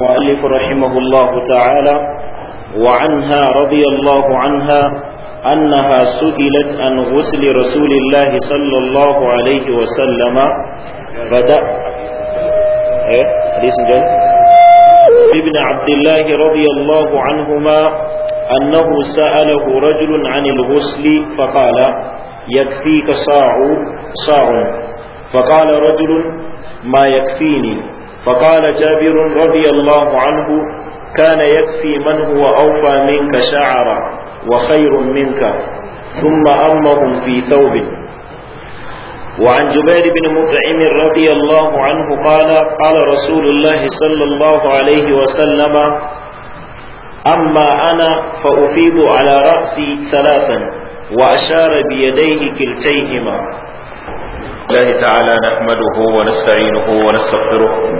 المؤلف رحمه الله تعالى وعنها رضي الله عنها أنها سئلت عن غسل رسول الله صلى الله عليه وسلم بدأ إيه؟ حديث جل ابن عبد الله رضي الله عنهما أنه سأله رجل عن الغسل فقال يكفيك صاع صاع فقال رجل ما يكفيني فقال جابر رضي الله عنه كان يكفي من هو أوفى منك شعرا وخير منك ثم أمهم في ثوب وعن جبير بن مطعم رضي الله عنه قال قال رسول الله صلى الله عليه وسلم أما أنا فأفيض على رأسي ثلاثا وأشار بيديه كلتيهما الله تعالى نحمده ونستعينه ونستغفره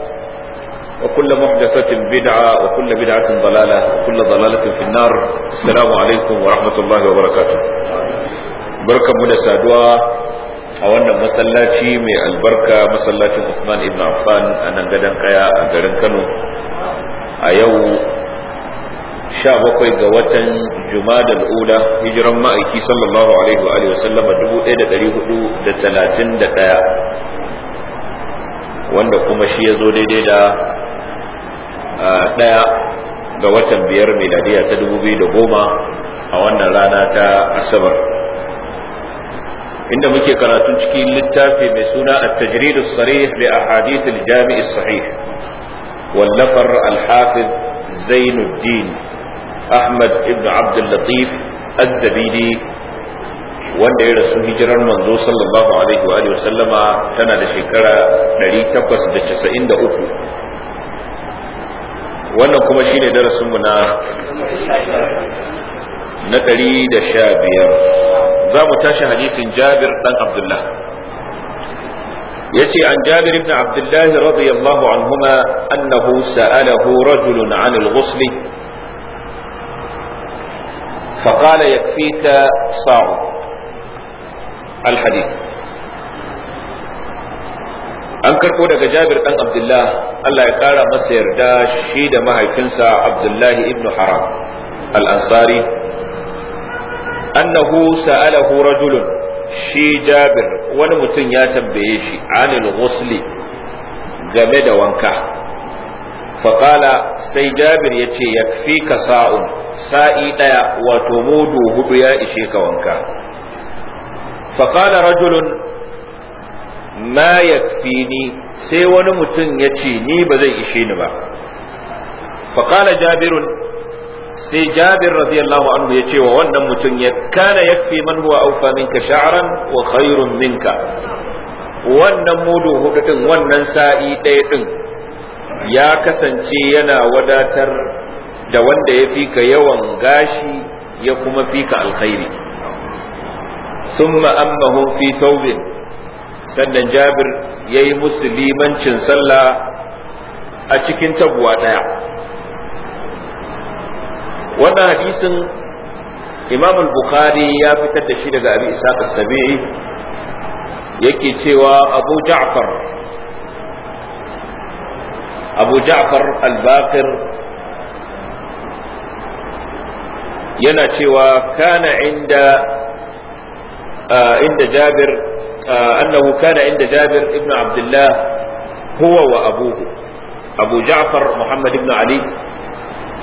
وكل محدثة بدعة وكل بدعة ضلالة وكل ضلالة في النار السلام عليكم ورحمة الله وبركاته بركة من سادوا أولا مسلاتي من البركة مسلاتي عثمان ابن عفان أنا قدن قيا أقرن كانوا أيو شابكوي قوتا جماد الأولى هجرا مائكي صلى الله عليه وآله وسلم دبو إيدا دريه دا ثلاثين دا wanda kuma shi ya zo daidai da ɗaya ga watan biyar miladiya ta dubu biyu da goma a wannan rana ta asabar inda muke karatun cikin littafi mai suna a tajrid sarih li ahadith al sahih wallafar alhafiz hafiz Zainuddin Ahmad ibn Abd latif az-Zabidi wanda ya rasu hijirar manzo sallallahu alaihi wa wa sallama tana da shekara 893 wannan kuma shine darasin mu na na 115 zamu tashi hadisin jabir dan abdullah yace an jabir ibn abdullah radiyallahu anhuma annahu sa'alahu rajulun 'an al-ghusl فقال يكفيك صاع الحديث an karɓo daga jabir dan abdullah Allah ya kara masa yarda shi da mahaifinsa Abdullahi ibn haram al-ansari annahu sa'alahu rajulun shi jabir wani mutum ya tambaye shi anil ghusli game da wanka faƙala sai jabir ya ce ya fi ka sa'un sa'i ɗaya wato mudu hudu ya ishe ka wanka faƙala rajulun ma yafini sai wani mutum ya ce ni ba zai ishe ni ba fa jabirun sai jabir radiyallahu anhu ya ce wa wannan mutum ya kana yakfi man huwa aufa minka sha'ran wa khairun minka wannan mudu hudu din wannan sa'i ɗaya din ya kasance yana wadatar da wanda ya fi ka yawan gashi ya kuma fi ka alkhairi summa ammahum fi thawbin sannan jabir ya yi musulmancin sallah a cikin tabuwa ɗaya wannan hadisin imam al-bukhari ya fitar da shi daga abi isaq sabii yake cewa abu ja'far abu ja'far al bakir yana cewa kana inda ah, inda jabir أنه كان عند جابر ابن عبد الله هو وأبوه أبو جعفر محمد بن علي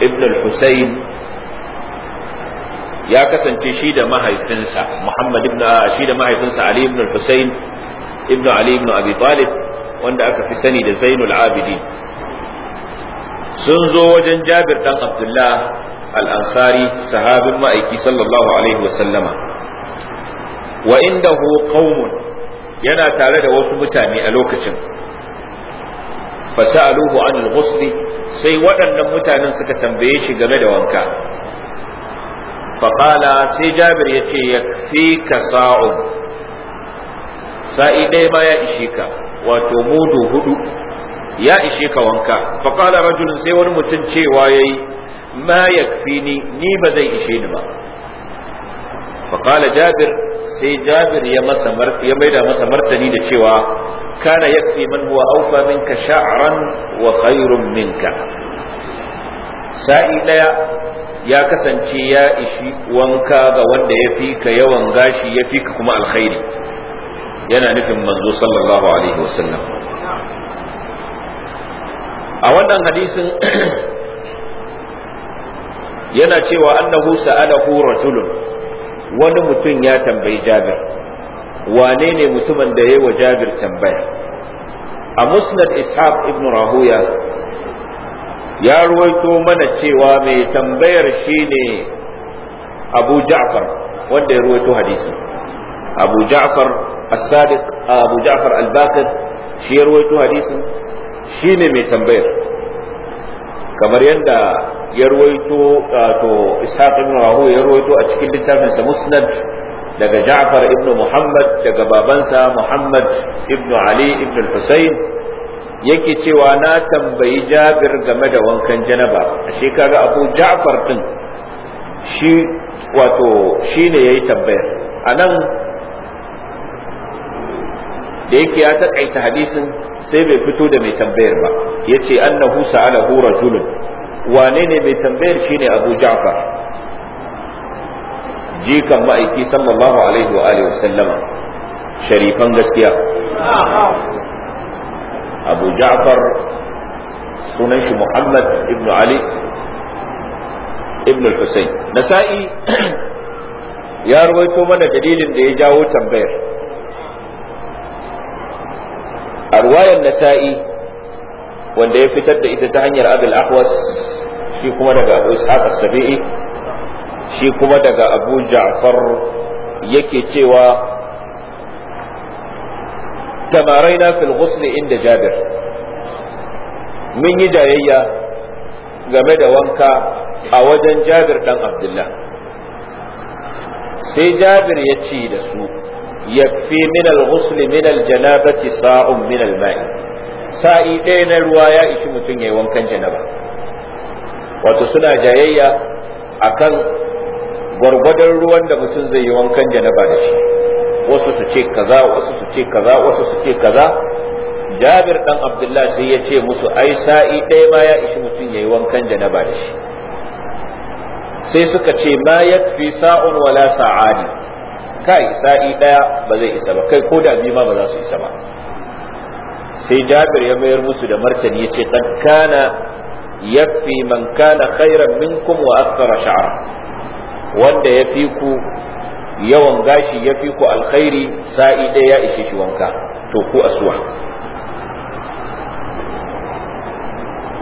ابن الحسين ya kasance shi da mahaifinsa Muhammad ibn shi da mahaifinsa Ali ibn al-Husayn ibn Ali ibn Abi wanda aka fi sani da Zainul Abidin sun zo wajen Jabir dan Abdullah al-Ansari sahabin ma'aiki sallallahu alaihi wa sallama wa indahu qaumun yana tare da wasu mutane a lokacin fasa'aluhu anil ghusli sai waɗannan mutanen suka tambaye shi game da wanka faƙala sai jabir ya ce ya ka sa'un sa'i ɗaya ma ya ishe ka wato mudu hudu ya ishe ka wanka faƙala rajulun sai wani mutum cewa yayi yi ma ya ni ba zai ishe ni ba faƙala jabir sai jabir ya ya maida masa martani da cewa kana yakfi man huwa awfa minka sha'ran wa khairun minka sa'i daya ya kasance ya ishi wanka ga wanda ya fi ka yawan gashi ya fi ka kuma alkhairi yana nufin manzo sallallahu alaihi wasallam a wannan hadisin yana cewa annahu sa'alahu rajulun wani mutum ya tambayi jabir wane ne mutumin da ya yi wa jabir tambaya a musnad ishaq ibn rahuya ya ruwaito mana cewa mai tambayar shine abu ja'far wanda ya ruwaito hadisi abu ja'far as-sadiq abu ja'far al-baqir shi ya ruwaito hadisin shine mai tambayar kamar yadda ya ruwaito to ishaq ibn rahu ya ruwaito a cikin littafin sa musnad daga ja'far ibn muhammad daga babansa muhammad ibn ali ibn al-husayn yake cewa na tambayi jabir game da wankan janaba ashe kaga abu ja'far din shi wato shine yayi tambayar anan da yake ya taƙaita hadisin sai bai fito da mai tambayar ba yace annahu sa'alahu rajulun wane ne mai tambayar shine Abu Ja'far jikan ma'aiki sallallahu alaihi wa alihi wasallama sharifan gaskiya Abu Ja'far sunan shi Muhammad ibn Ali ibn al-Husayn Nasa'i ya rawaito mana dalilin da ya jawo tambayar ruwayar nasa'i wanda ya fitar da ita ta hanyar abul ahwas shi kuma daga abu ishaq as-sabi'i shi kuma daga abu ja'far yake cewa tamaraina fil ghusl inda jabir mun yi jayayya game da wanka a wajen jabir dan abdullah sai jabir ya ce da su yakfi min al-ghusl min al-janabati sa'un min al-ma'i sa'i ɗaya na ruwa ya ishi mutum yayi wankan janaba wato suna jayayya akan gwargwadon ruwan da mutum zai yi wankan janaba da shi wasu su ce kaza wasu su ce kaza wasu su ce kaza jabir dan abdullah sai ya ce musu ai sa'i ɗaya ma ya ishi mutum yayi wankan janaba da shi sai suka ce ma yakfi sa'un wala sa'ani kai sa'i daya ba zai isa ba kai ko da biyu ma ba za su isa ba sai jabir ya mayar musu da martani yace qad kana yafi man kana khairan minkum wa akthara sha'ra wanda ya ku yawan gashi ya fi ku alkhairi sa'i daya ya ishe shi wanka to ku asuwa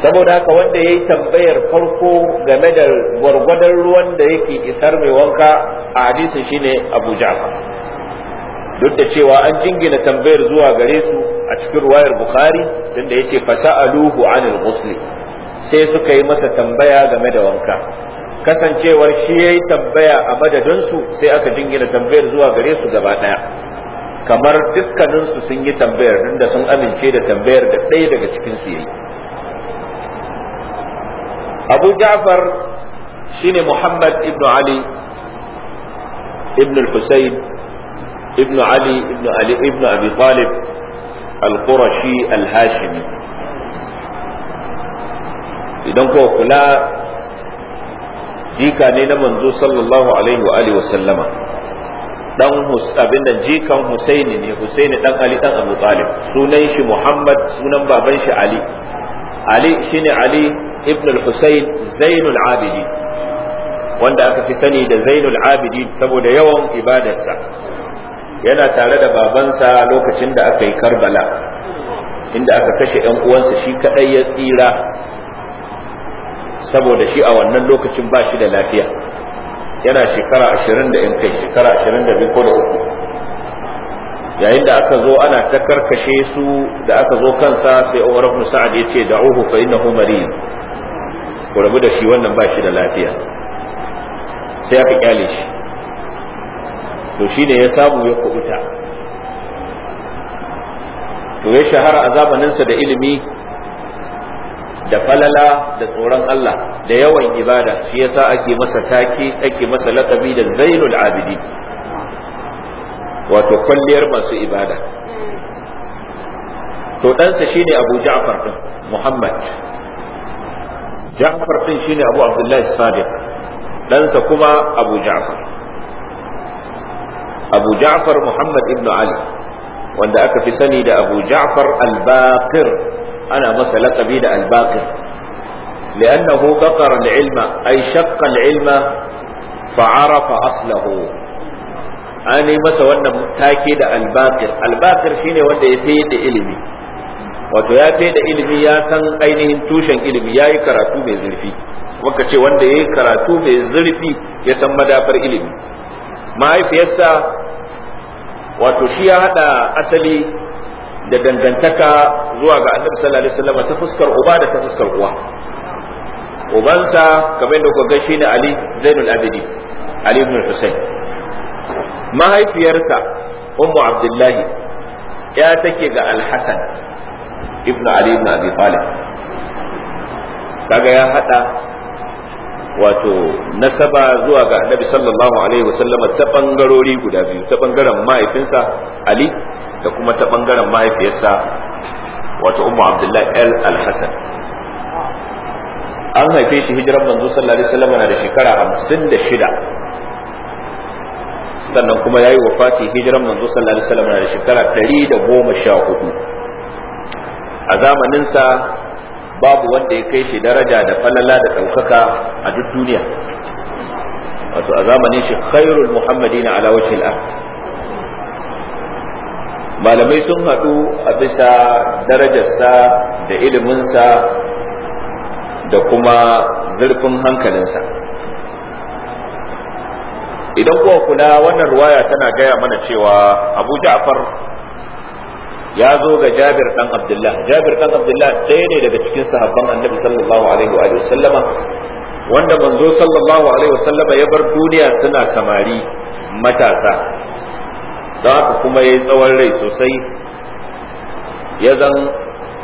saboda haka wanda ya yi tambayar farko game da gwargwadon ruwan da yake isar mai wanka a hadisin shine Abuja. ja'far duk da cewa an jingina tambayar zuwa gare su a cikin ruwayar bukhari da ya ce fasa'aluhu anil ghusli sai suka yi masa tambaya game da wanka kasancewar shi ya yi tambaya a madadinsu sai aka jingina tambayar zuwa gare su gaba ɗaya kamar dukkaninsu sun yi tambayar da sun amince da tambayar da ɗaya daga cikinsu ya yi abu ja'far shine muhammad ibn ali ibn al-husayn ibn ali ibn ali ibn abi talib al-qurashi al-hashimi idan ko kula jika ne na manzo sallallahu alaihi wa alihi wa sallama dan abin da jikan Husaini ne Husaini dan Ali dan Abu Talib sunan shi Muhammad sunan baban shi Ali Ali shine Ali ibn al-husayn zainul abidi wanda aka fi sani da zainul abidi saboda yawan ibadarsa yana tare da babansa lokacin da aka yi karbala inda aka kashe ‘yan uwansa shi kaɗai ya tsira saboda shi a wannan lokacin ba shi da lafiya yana shekara ashirin da in kai shekara ashirin da biyu ko da uku yayin da aka zo ana ta karkashe su da aka zo kansa sai umar ibn sa'ad ya ce da'uhu fa innahu mariyun ku rabu da shi wannan ba shi da lafiya sai aka kyale shi to shi ne ya samu ya kubuta to ya shahara a zamaninsa da ilimi da falala da tsoron Allah da yawan ibada shi yasa ake masa take ake masa laƙabi da zainul abidi wato kwalliyar masu ibada to ɗansa shine abu ja'far ɗin muhammad ja'far din shine abu abdullahi sadiq ɗansa kuma abu ja'far abu ja'far muhammad ibn ali wanda aka fi sani da abu ja'far al-baqir ana masa laqabi da al-baqir لأنه بقر العلم أي شق العلم فعرف أصله أني مسا وانا تاكيد الباقر الباقر شيني وانا يفيد ilimi. wato ya fi da ilimi ya san ainihin tushen ilimi ya yi karatu mai zurfi wanka ce wanda ya yi karatu mai zurfi ya san madafar ilimi mahaifiyarsa wato shi ya haɗa asali da dangantaka zuwa ga annabi sallallahu alaihi wasallam ta fuskar uba da ta fuskar uwa ubansa kamar da kuka shi ne ali zainul abidi ali ibn husayn mahaifiyarsa ummu abdullahi ya take ga al-hasan ibnu ali ibn abi talib kaga ya hada wato nasaba zuwa ga annabi sallallahu alaihi wasallam ta bangarori guda biyu ta bangaren mahaifinsa ali da kuma ta bangaren mahaifiyarsa wato ummu abdullahi al-hasan an haife shi hijiran manzo sallallahu alaihi wasallam na da shekara 56 sannan kuma yayi wafati hijiran manzo sallallahu alaihi wasallam na da shekara 114 a zamaninsa babu wanda ya kai shi daraja da falala da ɗaukaka a duk duniya wato a zamanin shi khairul muhammadina ala wajhil malamai sun haɗu a bisa darajarsa da iliminsa da kuma zurfin hankalinsa idan kuwa kula wannan ruwaya tana gaya mana cewa abu ja'far ya zo ga Jabir dan Abdullah Jabir dan Abdullah ɗaya ne daga cikin sahabban Annabi sallallahu alaihi wa sallama wanda manzo sallallahu alaihi wa sallama ya bar duniya suna samari matasa don haka kuma yayi tsawon rai sosai ya zan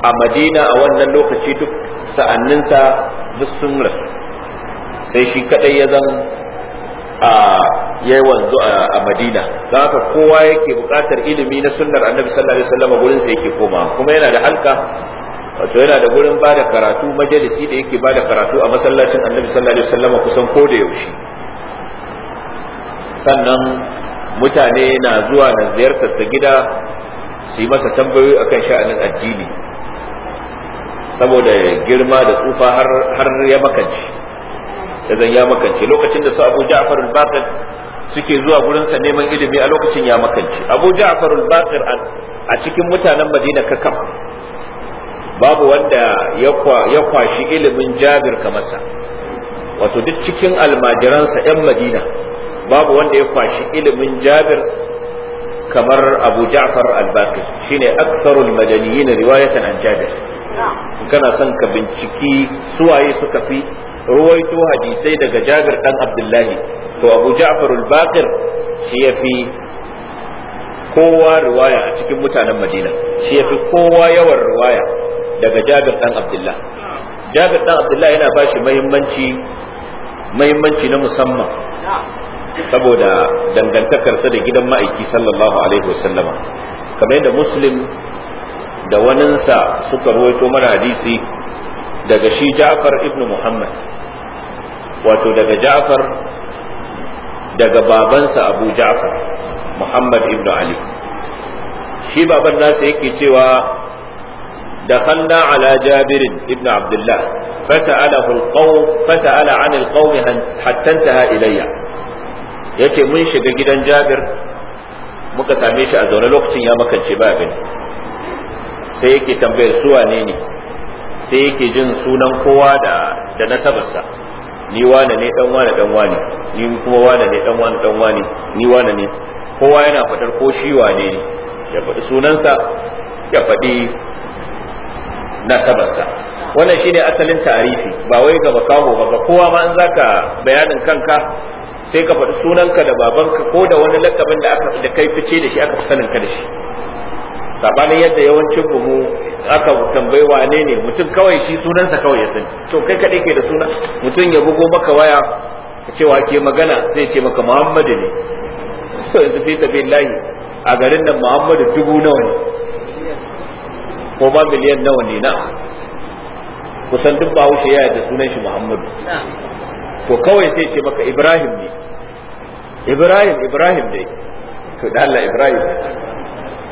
a Madina a wannan lokaci duk sa'anninsa duk sun sai shi kadai ya zan A yi wanzu a madina za haka kowa yake buƙatar ilimi na sunnar annabi sallallahu alaihi wasallam gurin sa yake koma kuma yana da halka wato yana da gurin ba da karatu majalisi da yake ba da karatu a masallacin annabi sallallahu alaihi wasallam kusan ko da yaushe sannan mutane na zuwa na ziyartar sa gida su yi masa tambayoyi akan sha'anin addini saboda girma da tsufa har ya makanci ya zan ya makance lokacin da su abu ja'far al-baqir suke zuwa gurin sa neman ilimi a lokacin ya makance abu ja'far al-baqir a cikin mutanen madina kam babu wanda ya kwashi ilimin jabir kamar sa wato duk cikin almajiransa 'yan madina babu wanda ya kwashi ilimin jabir kamar abu ja'far al-baqir shine aksarul madaniyin riwayatan an jabir kana son ka binciki suwaye suka fi ruwaito hadisai daga jabir dan abdullahi to abu ja'far al-baqir shi ya fi kowa riwaya a cikin mutanen madina shi ya fi kowa yawan riwaya daga jabir dan abdullah jabir dan abdullah yana ba shi muhimmanci muhimmanci na musamman saboda dangantakarsa da gidan ma'aiki sallallahu alaihi wasallama kamar yadda muslim da waninsa suka ruwaito mana hadisi daga shi ja'far ibnu muhammad wato daga Ja'far daga babansa Abu Ja'far Muhammad ibn Ali shi baban nasa yake cewa da على جابر ابن Abdullah, الله فسأله القوم فسأل عن القوم حتى انتهى yace mun shiga gidan Jabir muka same shi a zaune lokacin ya makance ba gani sai yake tambayar su wanene, ne sai yake jin sunan kowa da da nasabarsa ni wane ne dan wane dan wane ni kuma wane ne dan wane dan wane ni wane ne kowa yana fadar ko shi wane ne ya faɗi sunansa ya faɗi nasabarsa wannan shine asalin tarifi ba wai ga makaho ba ga kowa ma in zaka bayanin kanka sai ka faɗi sunanka da babanka ko da wani lakabin da aka da kai fice da shi aka fi sanin ka da shi sabanin yadda yawancin mu aka tambayi wane ne mutum kawai shi sunansa kawai ya sani to kai kaɗai ke da suna mutum ya bugo maka waya ka ce ke magana zai ce maka muhammadu ne so yanzu fi sabilillahi a garin nan muhammadu dubu nawa ne ko ba miliyan nawa ne na kusan duk wuce ya da sunan shi muhammadu to kawai sai ce maka ibrahim ne ibrahim ibrahim dai to da Allah ibrahim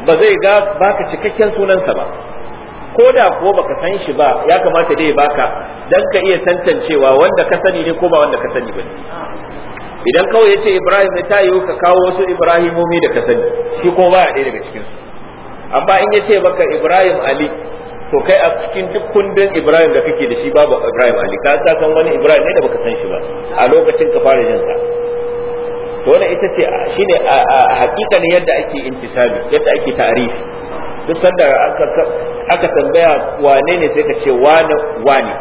ba zai ga baka cikakken sunansa ba ko da kuwa baka san shi ba ya kamata dai baka dan ka iya tantancewa wanda ka sani ne ko ba wanda ka sani ba idan kawai ya ibrahim ne ta yiwu ka kawo wasu ibrahimomi da ka sani shi ko ba ɗaya daga cikinsu amma in yace ce baka ibrahim ali to kai a cikin duk kundin ibrahim da kake da shi babu ibrahim ali ka ka san wani ibrahim ne da baka san shi ba a lokacin ka fara jin sa to wannan ita ce shine a ne yadda ake intisabi yadda ake tarihi duk sanda aka tambaya wane ne sai ka ce wane wane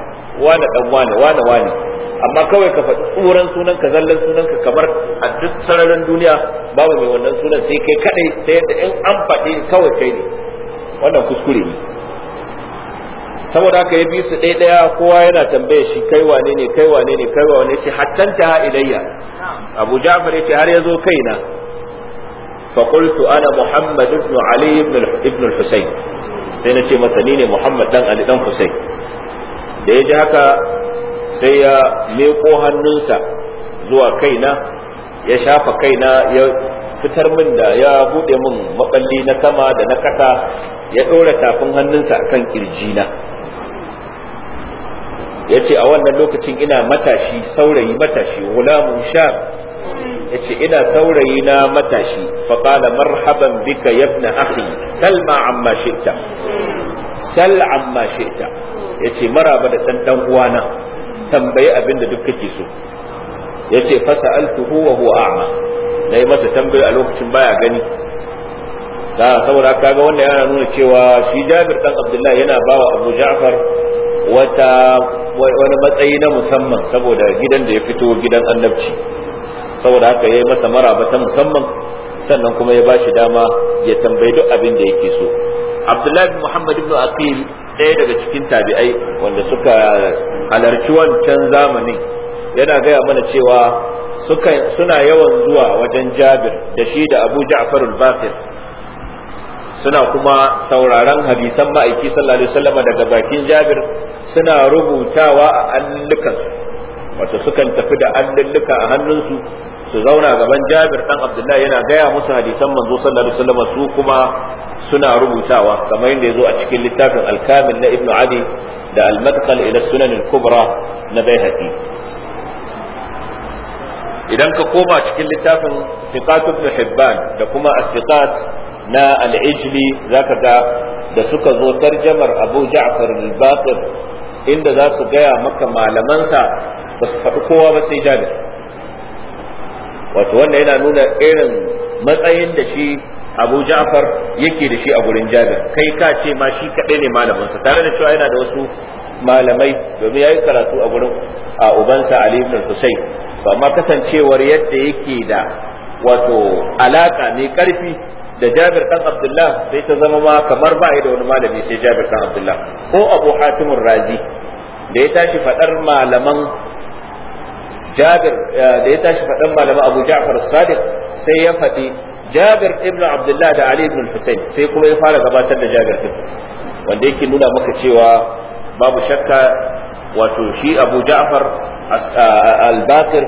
wane dan wane wane wane amma kawai ka faɗi tsoron sunan ka zallan sunan ka kamar a duk sararin duniya babu mai wannan sunan sai kai kadai ta yadda in an faɗi kawai kai ne wannan kuskure ne saboda haka ya bi su ɗaya ɗaya kowa yana tambaya shi kai wane ne kai wane ne kai wane ce hattan ta ilayya abu ja'far ce har ya zo kaina ana Muhammadu ibn Ali Ibn al-Husayn. sai na ce masa ni ne muhammad dan ali dan husain da ya ji haka sai ya meko hannunsa zuwa kaina ya shafa kaina ya fitar min da ya buɗe min maballi na sama da na ƙasa ya ɗora tafin hannunsa akan ƙirjina ya ce a wannan lokacin ina matashi saurayi matashi gulamun sha yace ina saurayi na matashi fa qala marhaban bika ya ibn akhi salma amma shi'ta sal amma shi'ta yace maraba da dan dan uwana tambayi abinda duk kake so yace fa sa'altuhu wa huwa a'ma yi masa tambayi a lokacin baya gani da saboda ka ga wannan yana nuna cewa shi Jabir dan Abdullahi yana bawa Abu Ja'far wata wani matsayi na musamman saboda gidan da ya fito gidan annabci saboda haka ya yi masa maraba ta musamman sannan kuma ya bashi dama ya tambayi duk abin da yake so abdullahi bin muhammad ibn aqil ɗaya daga cikin tabi'ai wanda suka halarci wancan zamanin yana gaya mana cewa suna yawan zuwa wajen jabir da shi da abu ja'far al-bakir suna kuma sauraron hadisan ma'aiki sallallahu alaihi wasallam daga bakin jabir suna rubutawa a allukansu wato sukan tafi da allulluka a hannunsu su zauna gaban Jabir dan Abdullahi yana gaya musu hadisan manzo sallallahu alaihi wasallam su kuma suna rubutawa kamar yadda yazo a cikin littafin al-Kamil na ibnu Adi da al-Madkhal ila Sunan al-Kubra na Baihaqi idan ka koma cikin littafin Thiqat ibn Hibban da kuma As-Thiqat na al-Ijli zaka ga da suka zo tarjamar Abu Ja'far al-Baqir inda za su gaya maka malamansa ba su faɗi kowa ba sai jabir wato wanda yana nuna irin matsayin da shi abu ja'far yake da shi a gurin jabir kai ka ce ma shi kaɗai ne malaminsa tare da cewa yana da wasu malamai domin ya yi karatu a gurin a ubansa ali ibn husayn to amma kasancewar yadda yake da wato alaka mai karfi da jabir dan abdullah sai ta zama ma kamar ba da wani malami sai jabir dan abdullah ko abu hatimur razi da ya tashi faɗar malaman jabir da ya tashi faɗan malama abu ja'far sadiq sai ya faɗi jabir ibn abdullah da ali ibn husayn sai kuma ya fara gabatar da jabir din wanda yake nuna maka cewa babu shakka wato shi abu ja'far al-bakir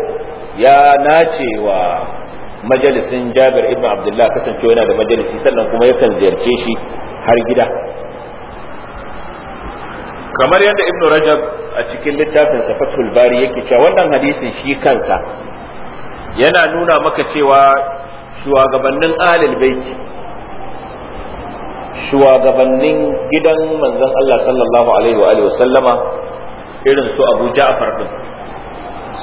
ya nace wa majalisin jabir ibn abdullah kasancewa yana da majalisi sannan kuma yakan ziyarce shi har gida kamar yadda ibn rajab a cikin littafin safatul bari yake cewa wannan hadisin shi kansa yana nuna maka cewa shugabannin alil baiti shugabannin gidan manzon Allah sallallahu alaihi wa alihi wasallama irin su Abu Ja'far din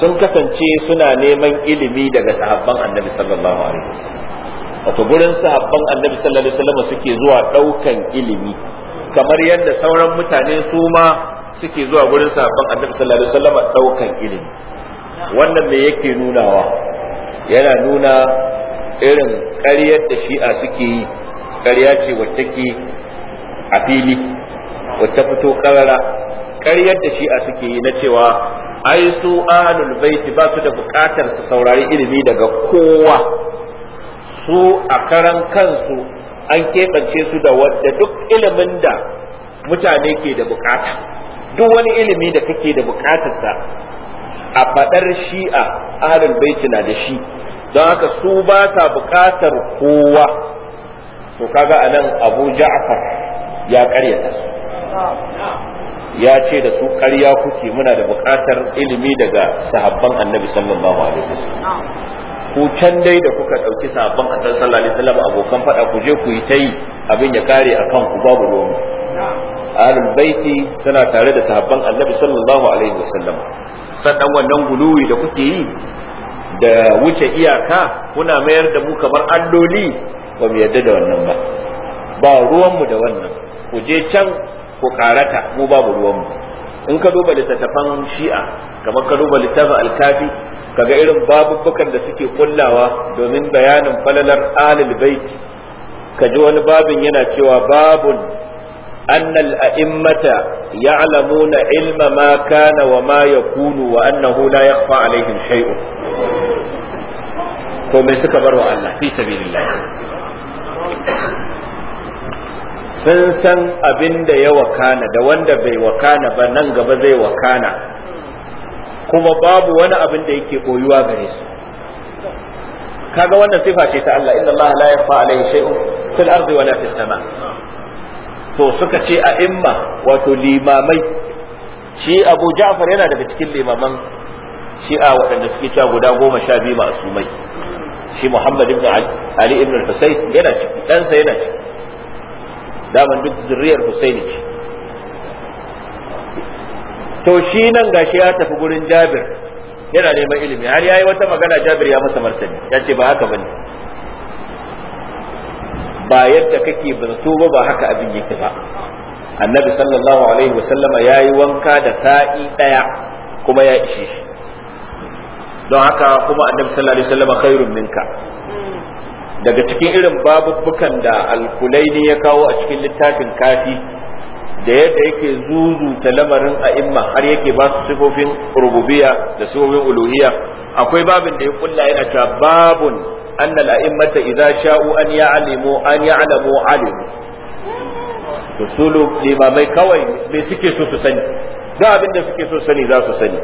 sun kasance suna neman ilimi daga sahabban Annabi sallallahu alaihi wasallam wato gurin sahabban Annabi sallallahu alaihi wasallam suke zuwa daukan ilimi kamar yadda sauran mutane su ma suke zuwa gurin sahabban annabi sallallahu alaihi wasallam daukan ilimi wannan me yake nunawa yana nuna irin ƙaryar da shi'a suke yi ƙarya ce wacce ke a fili wacce fito karara ƙaryar da shi'a suke yi na cewa ai su ahlul baiti ba su da buƙatar su saurari ilimi daga kowa su a karan kansu an keɓance su da duk ilimin da mutane ke da bukata duk wani ilimi da kake da bukatarsa a fadar shi'a ahlul baiti na da shi don haka su ba sa bukatar kowa to kaga anan abu ja'far ya karyata su ya ce da su karya kuke muna da bukatar ilimi daga sahabban annabi sallallahu alaihi wasallam ku can dai da kuka ɗauki sahabban annabi sallallahu alaihi wasallam abokan faɗa ku je ku yi ta abin ya kare akan ku babu ruwan Alulbaici baiti suna tare da sahabban annabi sallallahu alaihi wasallam sannan wannan guluwi da kuke yi da wuce iyaka kuna mayar da mu kamar alloli ba mu yarda da wannan ba ba ruwanmu da wannan ku je can ku karata mu babu ruwanmu in ka duba littattafan shi'a kamar ka duba littafin alkafi kaga irin babubbukan da suke kullawa domin bayanin falalar alulbaici baiti ka wani babin yana cewa babun أن الأئمة يعلمون علم ما كان وما يكون وأنه لا يخفى عليهم شيء كما سكبر الله في سبيل الله sun san abin da ya wakana da wanda bai wakana ba nan gaba zai wakana kuma babu wani abin da yake koyuwa gare su kaga wannan siface ta Allah inna Allah la sama' to suka ce a imma wato limamai shi abu ja'far yana daga cikin limaman shi'a waɗanda suke cewa guda goma sha biyu sumai shi muhammad ibn ali ibn al husayn yana ciki ɗansa yana ciki daman duk zurriyar husaini ce to shi nan gashi ya tafi gurin jabir yana neman ilimi har yayi wata magana jabir ya masa martani ya ce ba haka bane ba yadda kake zato ba ba haka abin yake ba annabi sallallahu alaihi wasallam ya yi wanka da sa'i ɗaya kuma ya ishe shi don haka kuma annabi sallallahu alaihi wasallam khairun minka daga cikin irin babubbukan da alkulaini ya kawo a cikin littafin kafi da yadda yake zuzuta lamarin a'imma har yake ba su sifofin rububiya da sifofin uluhiyya akwai babin da ya kulla yana ta babun anna al-a'immata idza sha'u an ya'lamu an ya'lamu alimu to su limamai kawai suke so su sani da abin da suke so sani za su sani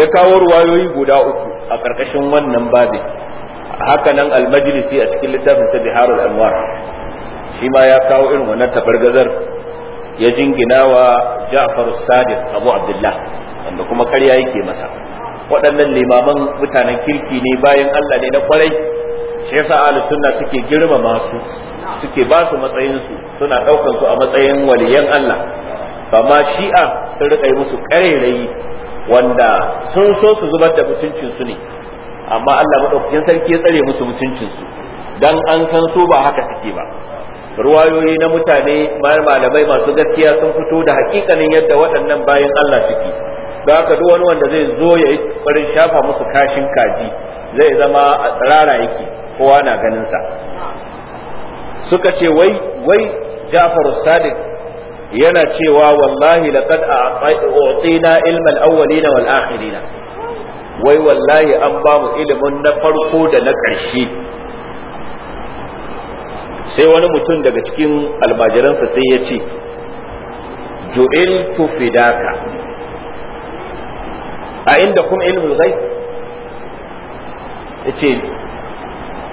ya kawo ruwayoyi guda uku a ƙarƙashin wannan babin haka nan al-majlisi a cikin littafin sa biharul anwar shima ya kawo irin wannan tabargazar ya jingina wa Ja'far Sadiq Abu Abdullah wanda kuma karya yake masa waɗannan limaman mutanen kirki ne bayan Allah ne na kwarai shi yasa ahlus sunna suke girmama su suke ba su matsayin su suna ɗaukan su a matsayin waliyan Allah amma shi'a sun rika yi musu ƙarairayi wanda sun so su zubar da mutuncin su ne amma Allah madaukakin sarki ya tsare musu mutuncin su dan an san su ba haka suke ba ruwayoyi na mutane malamai masu gaskiya sun fito da hakikanin yadda waɗannan bayan Allah suke da haka duk wani wanda zai zo ya yi farin shafa musu kashin kaji zai zama a tsirara yake kowa na ganinsa? suka ce wai wai Ja'far Sadiq yana cewa wallahi laqad a'tina ilmal awwalina wal akhirina wai wallahi an ba mu ilimin na farko da na ƙarshe sai wani mutum daga cikin almajiransa sai ya ce ju'iltu fidaka a inda kuma ilmul ya ce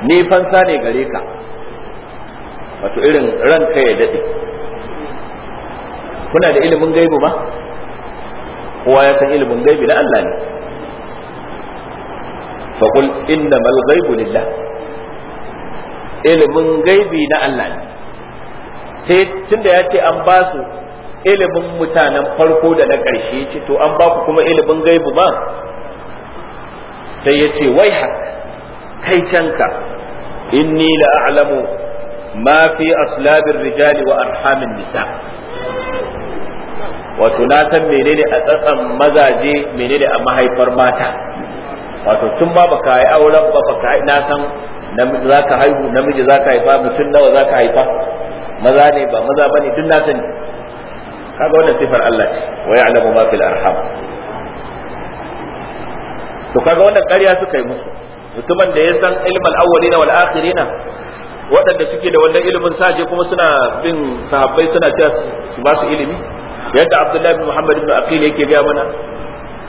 ni fansa ne gare ka wato irin ranka ya dade kuna da ilimin gaibu ba kowa ya san ilimin gaibi na Allah ne faqul innamal ghaibu lillah ilimin gaibi na Allah ne sai tunda ya ce an ba su ilimin mutanen farko da na ƙarshe ce to an ba ku kuma ilimin gaibu ba sai ya ce wai hak kai canka inni ni a'lamu ma fi aslabin rijali wa arhamin nisa wato na san menene a tsatsan mazaje menene a mahaifar mata wato tun ba ba yi auren ba baka na san za ka haihu namiji za ka haifa mutum nawa za ka haifa maza ne ba maza ba ne tun na sani kaga wannan sifar Allah ce wa ya'lamu ma fil arham to kaga wannan ƙarya suka yi musu mutumin da ya san ilmal awwalina wal akhirina waɗanda suke da wannan ilimin saje kuma suna bin sahabbai suna cewa su ba su ilimi yadda Abdullahi bin Muhammad bin Aqil yake ga mana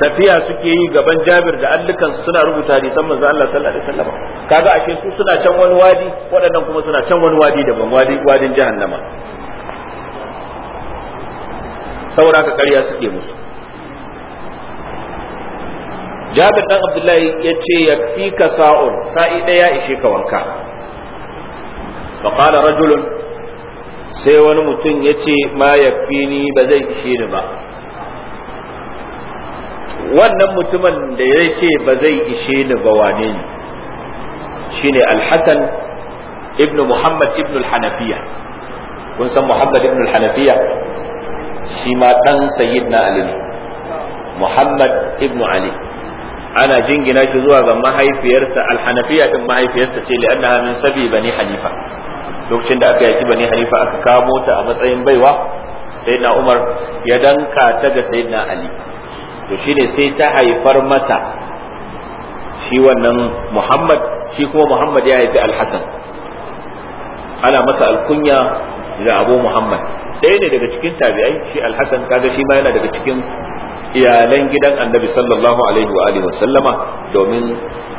tafiya suke yi gaban Jabir da allukan suna rubuta san manzo Allah sallallahu alaihi wasallam kaga ashe su suna can wani wadi waɗannan kuma suna can wani wadi daban wadi wadin jahannama Saura ka karya suke musu jabir dan abdullahi ya ce ya fi ka sa'un sa'i ɗaya ishe ka wanka faƙala rajulun sai wani mutum ya ce ma ya fi ni ba zai ishe ni ba wannan mutumin da ya ce ba zai ishe ni ba wane ne shine alhassan ibnu muhammad ibnu hanafiya kun san muhammad ibnu hanafiya shi ma ɗan sayyidina ali ne muhammad ibnu ali ana jingina shi zuwa ga mahaifiyarsa alhanafiya din mahaifiyarsa ce annaha min sabi bani hanifa lokacin da aka yaki bani hanifa aka kamo ta a matsayin baiwa sayyidina umar ya danka ta ga sayyidina ali to shine sai ta haifar mata shi wannan muhammad shi kuma muhammad ya haifi alhassan ana masa alkunya da abu muhammad ɗaya ne daga cikin tabi'ai shi alhassan kaga shi ma yana daga cikin iyalan gidan annabi sallallahu alaihi wa alihi wasallama domin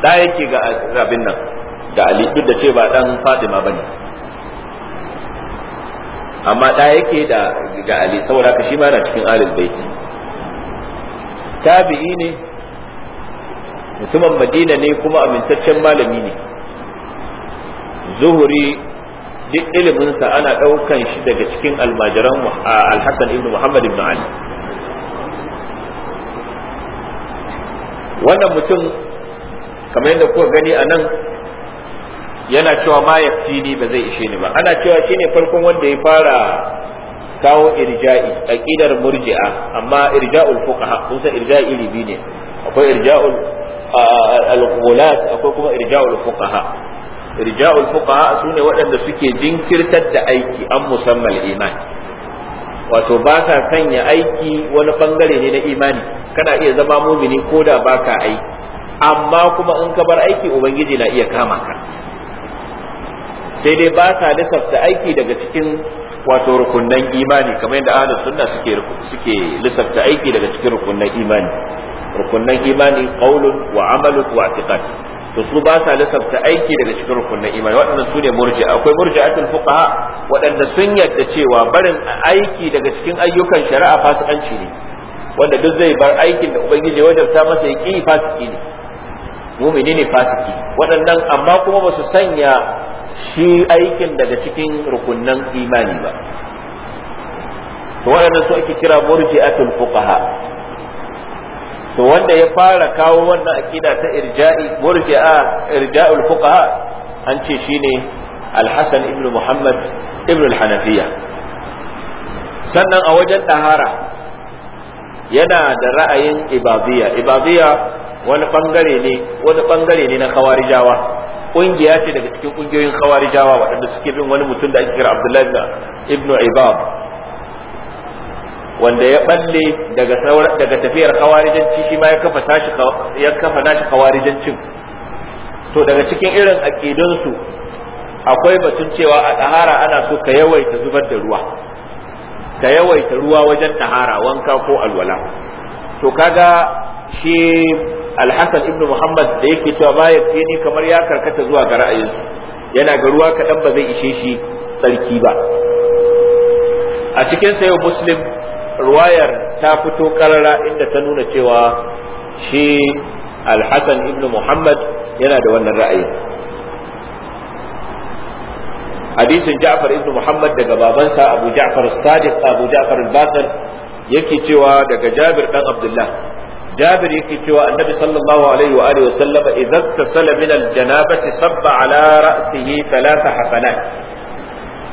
da yake ga abin nan da ali duk da ce ba dan fatima bane amma da yake da ga ali saboda haka shi ma yana cikin alil baiti tabi'i ne mutumin madina ne kuma amintaccen malami ne zuhuri duk iliminsa ana ɗaukan shi daga cikin almajiran alhassan ibn muhammad ibn ali wannan mutum kamar yadda kuka gani a nan yana cewa ma ni ba zai ishe ni ba ana cewa shine farkon wanda ya fara kawo irja'i ƙidar murji'a amma irja'ul fuqaha kun san irja'i iri ne akwai irja'ul al akwai kuma irja'ul fuqaha rija'ul fuqaha sune waɗanda suke jinkirtar da aiki an musammal iman wato ba sa sanya aiki wani bangare ne na imani kana iya zama mumini ko da baka aiki amma kuma in ka bar aiki ubangiji na iya kama ka sai dai ba sa lissafta aiki daga cikin wato rukunnan imani kamar yadda ahlus sunna suke suke lissafta aiki daga cikin rukunnan imani rukunnan imani qaulun wa amalun wa i'tiqad to su ba sa lissafta aiki daga cikin rukunin imani waɗannan su ne murji akwai murji'atul fuqaha waɗanda sun yadda cewa barin aiki daga cikin ayyukan shari'a fasikanci ne wanda duk zai bar aikin da ubangiji wajen ta masa yaki fasiki ne mumini ne fasiki waɗannan amma kuma ba su sanya shi aikin daga cikin rukunin imani ba to waɗannan su ake kira murji'atul fuqaha to wanda ya fara kawo wannan akida ta irja'i murji'a irja'ul fuqaha an ce shine al-Hasan ibn Muhammad ibn al-Hanafiya sannan a wajen dahara yana da ra'ayin ibadiyya ibadiyya wani bangare ne wani bangare ne na khawarijawa kungiya ce daga cikin kungiyoyin khawarijawa waɗanda suke bin wani mutum da ake kira Abdullahi ibn Ibab wanda ya balle daga daga tafiyar kawarijanci shi ma ya kafa tashi ya kafa nashi kawarijancin to daga cikin irin su akwai batun cewa a tahara ana so ka yawaita zubar da ruwa ka yawaita ruwa wajen tahara wanka ko alwala to kaga shi alhassan ibnu muhammad da yake cewa ba ya ni kamar ya karkata zuwa ga ra'ayinsu yana ga ruwa kaɗan ba zai ishe shi tsarki ba a cikin sayo muslim ruwayar ta fito karara inda ta nuna cewa shi alhassan ibn muhammad yana da wannan ra'ayin hadisin ja'far ibn muhammad daga babansa abu ja'far sadiq abu ja'far al-bakir yake cewa daga jabir dan abdullah jabir yake cewa annabi sallallahu alaihi wa alihi wa sallama idan tasala min al-janabati sabba ala ra'sihi thalatha hasanat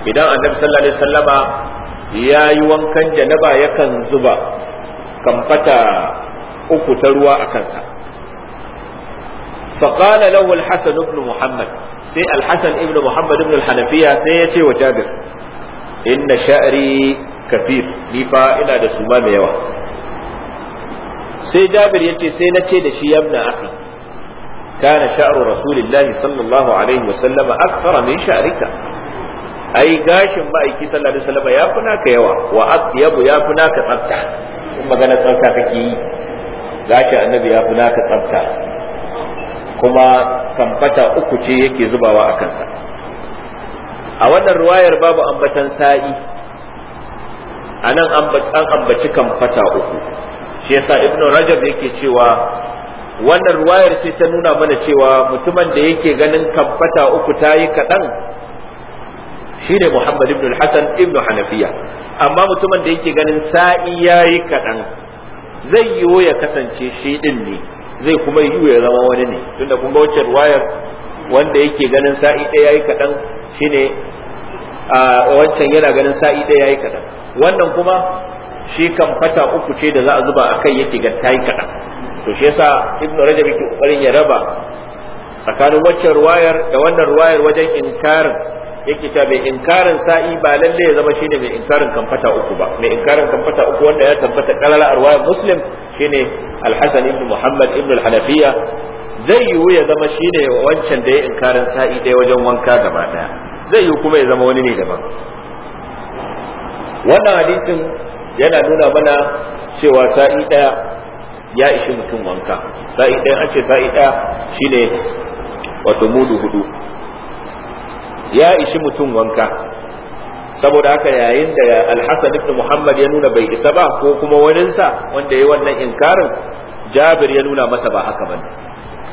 idan annabi sallallahu sallama ya yi wankan janaba yakan zuba kamfata uku ta ruwa a kansa faƙala lahu alhassan ibn muhammad sai alhassan ibn muhammad ibn alhanafiya sai ya ce wa jabir inna sha'ari kafir ni ina da suma mai yawa sai jabir ya ce sai na ce da shi yamna akhi kana sha'ru rasulillahi sallallahu alaihi wa ai gashin ma'aiki sallallahu alaihi wasallam ya fi naka yawa wa atyabu ya fi naka tsafta in magana tsafta kake yi gashin annabi ya fi naka tsafta kuma kamfata uku ce yake zubawa a kansa a wannan ruwayar babu ambatan sa'i anan an ambaci kamfata uku shi yasa ibnu rajab yake cewa wannan ruwayar sai ta nuna mana cewa mutumin da yake ganin kamfata uku ta yi kaɗan Shi ne Muhammad ibn al-Hasan ibn Hanafiya amma mutumin da yake ganin sa'i yayi kadan zai yiwu ya kasance shi din ne zai kuma yiwu ya zama wani ne tunda kun ga wacce ruwayar wanda yake ganin sa'i ɗaya yayi kadan shine a wancan yana ganin sa'i ɗaya yayi kadan wannan kuma shi kan fata uku ce da za a zuba akai yake ga tayi kadan to shi yasa ibnu rajab yake kokarin ya raba tsakanin wancan ruwayar da wannan ruwayar wajen inkarin yake cewa mai inkarin sa'i ba lalle ya zama shine mai inkarin kamfata uku ba mai inkarin kamfata uku wanda ya tabbata karara a ruwayar muslim shine alhassan ibn muhammad ibn al zai yiwu ya zama shine wancan da ya inkarin sa'i ɗaya wajen wanka gaba ɗaya zai yiwu kuma ya zama wani ne daban wannan hadisin yana nuna mana cewa sa'i ɗaya ya ishi mutum wanka sa'i ɗaya an ce sa'i ɗaya shine wato mudu hudu ya ishi mutum wanka saboda haka yayin da alhassan ibn muhammad ya nuna bai isa ba ko kuma waninsa wanda ya wannan inkarin jabir ya nuna masa ba haka bane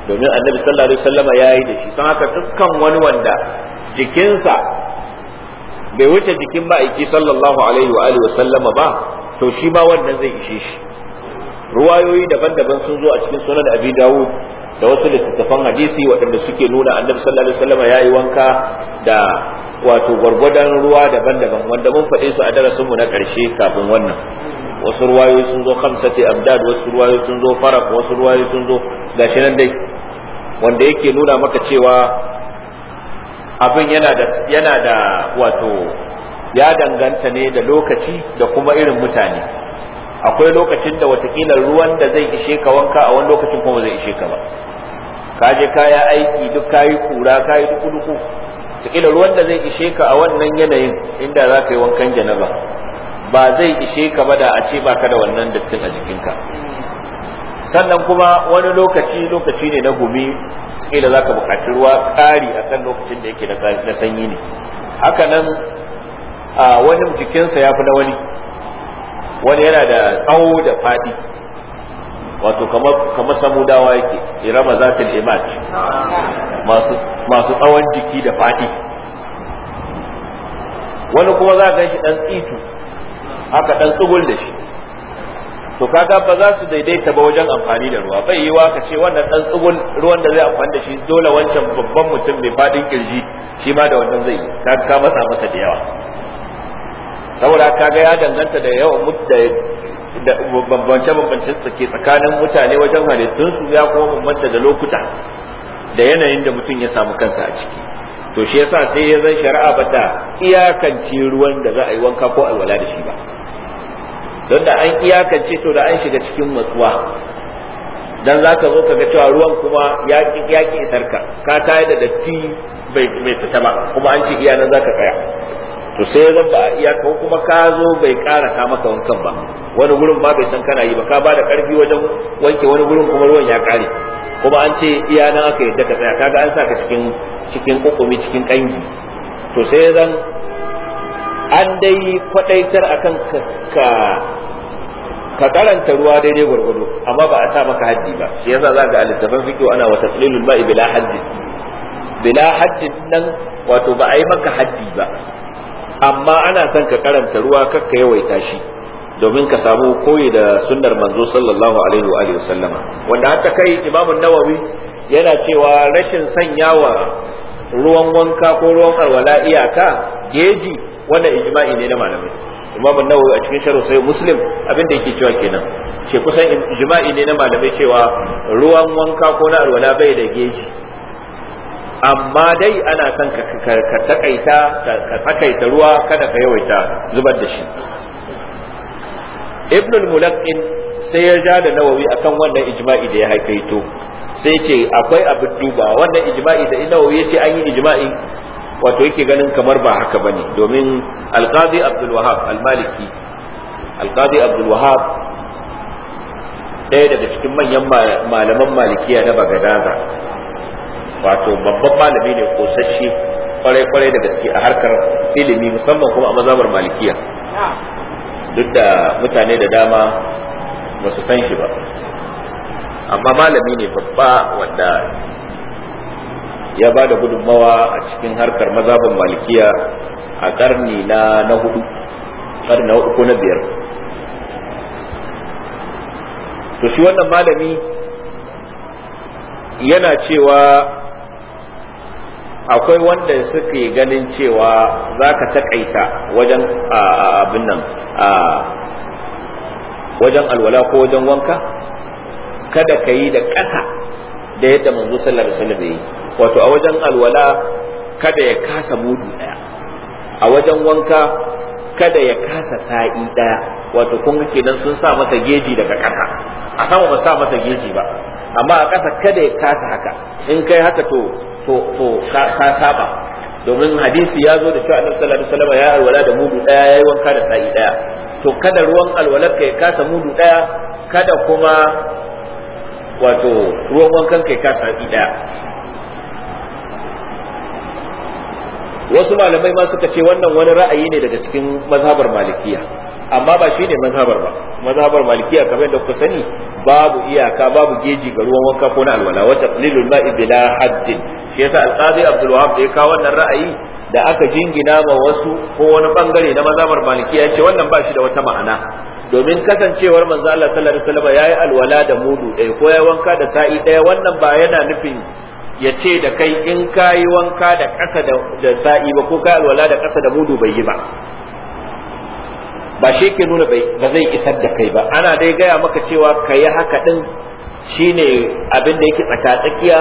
domin annabi sallallahu alaihi wasallam ya yi da shi san haka dukkan wani wanda jikinsa bai wuce jikin ma'aiki sallallahu alaihi wa alihi wasallama ba to shi ba wannan zai ishe shi ruwayoyi daban-daban sun zo a cikin sunan abi dawud da wasu littattafan hadisi waɗanda suke nuna annabi sallallahu alaihi wasallam ya yi wanka da wato gwargwadon ruwa daban-daban wanda mun faɗe su a darasin mu na ƙarshe kafin wannan wasu ruwayoyi sun zo khamsati abdad wasu ruwayoyi sun zo farak wasu ruwayoyi sun zo gashi nan dai wanda yake nuna maka cewa abin yana da yana da wato ya danganta ne da lokaci da kuma irin mutane akwai lokacin da watakila ruwan da zai ishe ka wanka a wani lokacin kuma zai ishe ka ba ka je kaya aiki duk kayi kura kayi duku duku watakila ruwan da zai ishe ka a wannan yanayin inda za ka yi wankan janaba ba zai ishe ka ba da a ce baka da wannan dattin a jikinka sannan kuma wani lokaci lokaci ne na gumi kila za ka buƙaci ruwa ƙari a kan lokacin da yake na sanyi ne haka nan a wani jikinsa ya fi na wani wani yana da tsawo da faɗi wato kamar samudawa yake irama zafin imad masu tsawon jiki da faɗi wani kuma za ka shi ɗan tsitu haka ɗan tsugul da shi to kaga ba za su daidaita ba wajen amfani da ruwa bai yiwa ka ce wannan dan tsugun ruwan da zai amfani da shi dole wancan babban mutum mai faɗin kirji shi ma da wannan zai yi ka masa masa da yawa saboda kaga ya danganta da yawan mutta da bambance bambance ke tsakanin mutane wajen halittun su ya kuma bambanta da lokuta da yanayin da mutum ya samu kansa a ciki to shi yasa sai ya zan shari'a ba ta iyakance ruwan da za a yi wanka ko alwala da shi ba don da an iyakance to da an shiga cikin matsuwa dan za ka zo ka ga cewa ruwan kuma ya ki isar ka ka da datti bai fita ba kuma an ce iyana nan za ka tsaya to sai ya zamba iyaka kuma ka zo bai ka maka wankan ba wani gurin ba bai san kana yi ba ka ba da karfi wajen wanke wani gurin kuma ruwan ya kare kuma an ce iya nan aka yadda ka tsaya kaga an sa ka cikin cikin kokomi cikin kangi to sai zan an dai kwadaitar akan ka ka karanta ruwa daidai gwargwado amma ba a sa maka haddi ba shi yasa zaka a littafin fiqh ana wa taslilul ba'i bila haddi bila haddi nan wato ba a yi maka haddi ba amma ana son ka karanta ruwa kakka yawaita shi domin ka samu koyi da sunnar manzo sallallahu alaihi wa alihi sallama wanda haka kai imamun nawawi yana cewa rashin sanyawa ruwan wanka ko ruwan alwala iyaka geji wanda ijma'i ne na malamai imamun nawawi a cikin sharh sai muslim abin da yake cewa kenan ce kusan ijma'i ne na malamai cewa ruwan wanka ko na alwala bai da geji amma dai ana son ka takaita ka takaita ruwa kada ka yawaita zubar da shi ibn al In, sai ya ja da nawawi akan wannan ijma'i da ya haifaito. sai ce akwai abin duba wannan ijma'i da nawawi ya ce an yi ijma'i wato yake ganin kamar ba haka bane domin al-qadi abdul wahab al-maliki abdul wahab ɗaya daga cikin manyan malaman malikiya na bagadaza wato babban malami ne sashi kwarai kwarai da gaske a harkar ilimi musamman kuma a mazhabar malikiya duk da mutane da dama ba su san shi ba amma malami ne babba wanda ya ba da gudunmawa a cikin harkar mazabar malikiya a karni na na hudu karni na uku na biyar to shi wannan malami yana cewa akwai wanda suke ganin cewa za ka taƙaita wajen abin nan wajen alwala ko wajen wanka kada ka yi da ƙasa da yadda manzo sallar da yi wato a wajen alwala kada ya kasa mudu ɗaya a wajen wanka kada ya kasa sa'i ɗaya wato kun kenan sun sa masa geji daga ƙasa a sama ba sa masa geji ba amma a ƙasa kada ya kasa haka in kai haka to to to ka saba domin hadisi ya zo da cewa annabi sallallahu alaihi wasallam ya alwala da mudu daya yayi wanka da sa'i daya to kada ruwan alwalar ka ya kasa mudu daya kada kuma wato ruwan wankan ka ya kasa sa'i daya wasu malamai ma suka ce wannan wani ra'ayi ne daga cikin mazhabar malikiya amma ba shi ne mazhabar ba mazhabar malikiya kamar da kuka sani babu iyaka babu geji ga ruwan wanka ko na alwala wata lilul ma'i bila haddin shi yasa alqadi abdul wahab da ya kawo wannan ra'ayi da aka jingina ma wasu ko wani bangare na mazhabar ya ce wannan ba shi da wata ma'ana domin kasancewar manzo Allah sallallahu alaihi wasallam yayi alwala da mudu ɗaya ko yayi wanka da sa'i daya, wannan ba yana nufin ya ce da kai in kayi wanka da ƙasa da sa'i ba ko kai alwala da ƙasa da mudu bai yi ba ba shi ke nuna ba zai isar da kai ba ana dai gaya maka cewa ka yi haka ɗin shine abin da yake tsakiya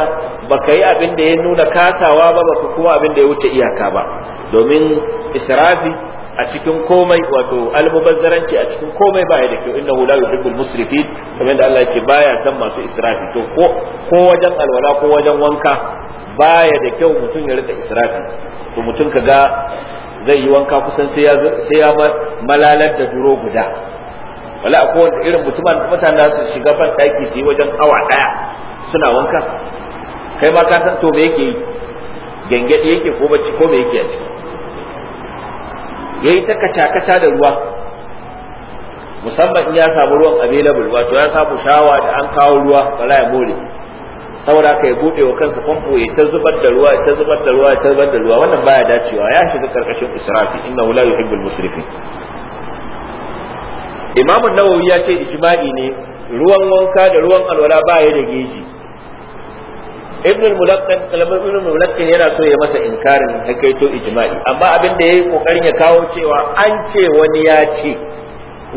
ba ka yi abin da ya nuna kasawa ba ba kuma abin da ya wuce iyaka ba domin israfi a cikin komai wato almubazzaranci a cikin komai baya da kyau innahu hula yuhibbul musrifin kamar da Allah yake baya san masu israfi to ko ko wajen alwala ko wajen wanka baya da kyau mutum ya rika israfi to mutum ka ga. zai yi wanka kusan sai ya malalar da duro guda wala akwai irin mutumin mutane su shiga ban daki su yi wajen awa daya suna wanka kai ma ka san to me yake yi gengede yake ko bacci ko yake a ya yi ta kaca kaca da ruwa musamman in ya samu ruwan available wato ya samu shawa da an kawo ruwa bala ya more saboda kai ya bude wa kansa famfo ya ta zubar da ruwa ya ta zubar da ruwa ya ta zubar da ruwa wannan baya dacewa ya shiga karkashin israfi innahu la yuhibbul musrifin imamu Nawawi ya ce ijma'i ne ruwan wanka da ruwan alwala baya da geji ibn al mulaqqan ibn al mulaqqan yana so ya masa inkarin hakaito ijma'i amma abin da yayi kokarin ya kawo cewa an ce wani ya ce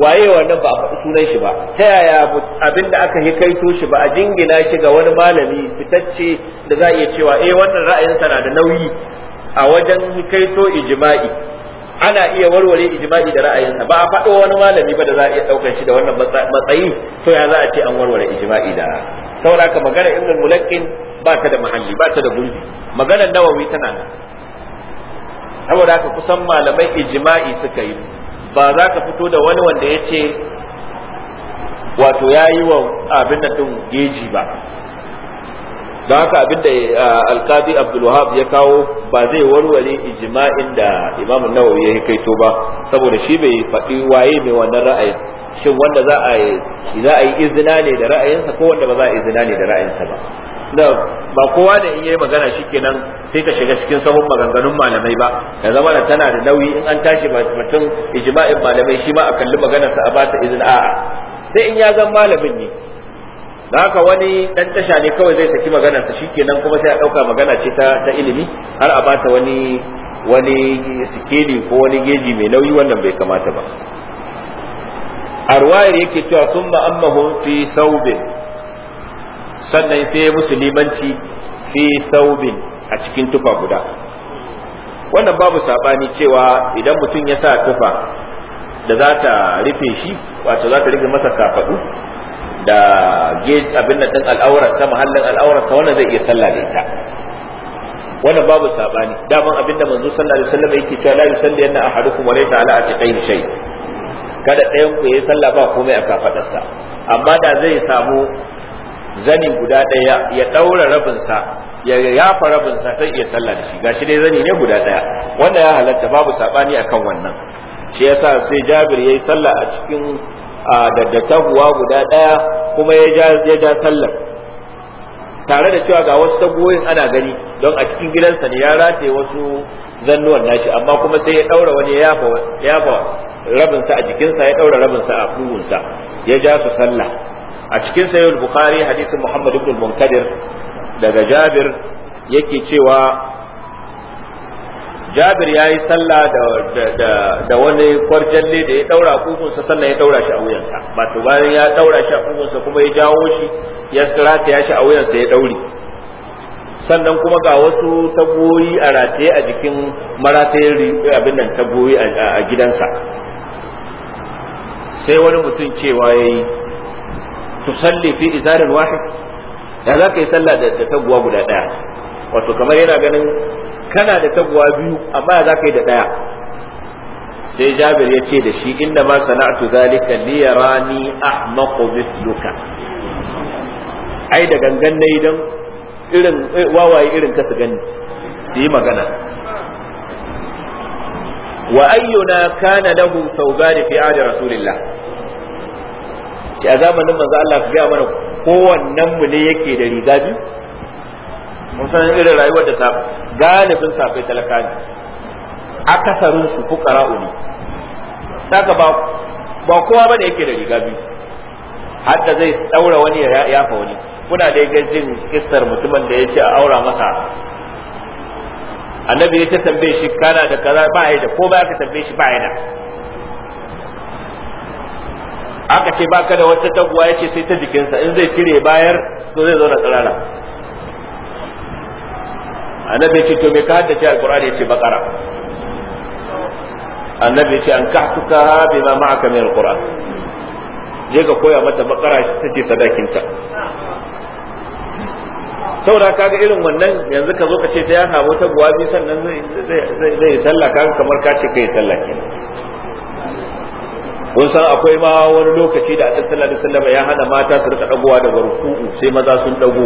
waye wannan ba a faɗi sunan shi ba ta yaya abin da aka hikaito shi ba a jingina shi ga wani malami fitacce da za a iya cewa eh wannan ra'ayinsa na da nauyi a wajen hikaito ijma'i ana iya warware ijma'i da ra'ayinsa ba a faɗo wani malami ba da za a iya ɗaukar shi da wannan matsayi to ya za a ce an warware ijma'i da saboda ka magana ibnul mulakkin ba ta da mahalli ba ta da gurbi maganar nawawi tana nan saboda haka kusan malamai ijma'i suka yi ba za ka fito da wani wanda ya ce wato ya yi wa abin da ɗin geji ba don haka abin da alkadi abdulwahab ya kawo ba zai warware ijima'in da imamun nawawi ya kaito ba saboda shi bai faɗi waye mai wannan ra'ayin shin wanda za a yi za a yi izina ne da ra'ayinsa ko wanda ba za a yi izina ne da ra'ayinsa ba da ba kowa da in yayi magana shikenan sai ka shiga cikin sabon maganganun malamai ba da zama da tana da nauyi in an tashi batun ijma'in malamai shi ma a kalli maganarsa a bata izina a'a sai in ya zan malamin ne da haka wani dan tasha ne kawai zai saki maganarsa shikenan kuma sai a dauka magana ce ta ta ilimi har a bata wani wani sikeli ko wani geji mai nauyi wannan bai kamata ba Arwaye yake cewa sun ma'ammahun fi saubin sannan sai musulmanci fi saubin a cikin tufa guda wannan babu saɓani cewa idan mutum ya sa tufa da za ta rufe shi wato za ta rufe masa kafaɗu da abin da ɗin al'aurarsa mahallin al'aurarsa wannan zai iya sallah da ita wannan babu saɓani daman abin da manzo sallallahu alaihi wasallam yake cewa la yusalli anna ahadukum wa laysa ala atiqaihi shay' kada ɗayan ku yayi sallah ba komai a kafadarsa amma da zai samu zani guda ɗaya ya ɗaura rabinsa ya yafa rabinsa sai iya sallah da shi gashi dai zani ne guda ɗaya wanda ya halatta babu saɓani akan wannan shi yasa sai Jabir yayi sallah a cikin da guda ɗaya kuma ya ja sallar tare da cewa ga wasu tagoyin ana gani don a cikin gidansa ne ya rataye wasu zannuwan nashi amma kuma sai ya daura wani yafa rabinsa a jikinsa ya ɗaura rabinsa a bugunsa ya ja su sallah a cikin sayyid bukhari hadisin muhammad ibn munkadir daga jabir yake cewa jabir ya yi sallah da wani kwarjalle da ya daura kugunsa sannan ya daura shi a wuyansa wato bayan ya daura shi a kugunsa kuma ya jawo shi ya sirata ya shi a wuyansa ya daure sannan kuma ga wasu tagoyi a rataye a jikin maratayin abin nan tagoyi a gidansa sai wani mutum cewa yayi tusalli fi izarin wahid ya za ka yi sallah da taguwa guda daya wato kamar yana ganin kana da taguwa biyu amma za ka yi da daya sai jabir ya ce da shi inda ma sana'atu zalika liyarani ahmaqu mithluka ai da gangan nayi dan irin eh, wawaye irin ka su gani su yi magana wa ayyuna kana lahu thawban fi da rasulillah ce a zamanin manzo Allah ku biya mana kowannen mu ne yake da riga biyu mun san irin rayuwar da safa galibin safai talaka ne akasarin su fuqara'u ne saka ba ba kowa bane yake da riga biyu hadda zai daura wani ya yafa wani kuna da ga jin kissar mutumin da ya a aura masa annabi ya ta tambaye shi kana da kaza ba da ko ba ka tambaye shi ba da aka ce baka da wata taguwa yace sai ta jikinsa in zai cire bayar to zai zo da tsirara annabi ce to me ka haddace alqur'ani yace bakara annabi ce an kahtuka ma ma'aka min alqur'an je ka koya mata bakara ta ce sadakinta saboda kaga irin wannan yanzu ka zo ka ce sai ya samu ta bi sannan zai zai sallah kaga kamar ka ce kai sallah kenan kun san akwai ma wani lokaci da annabi sallallahu alaihi wasallam ya hana mata su rika dagowa daga barku sai maza sun dago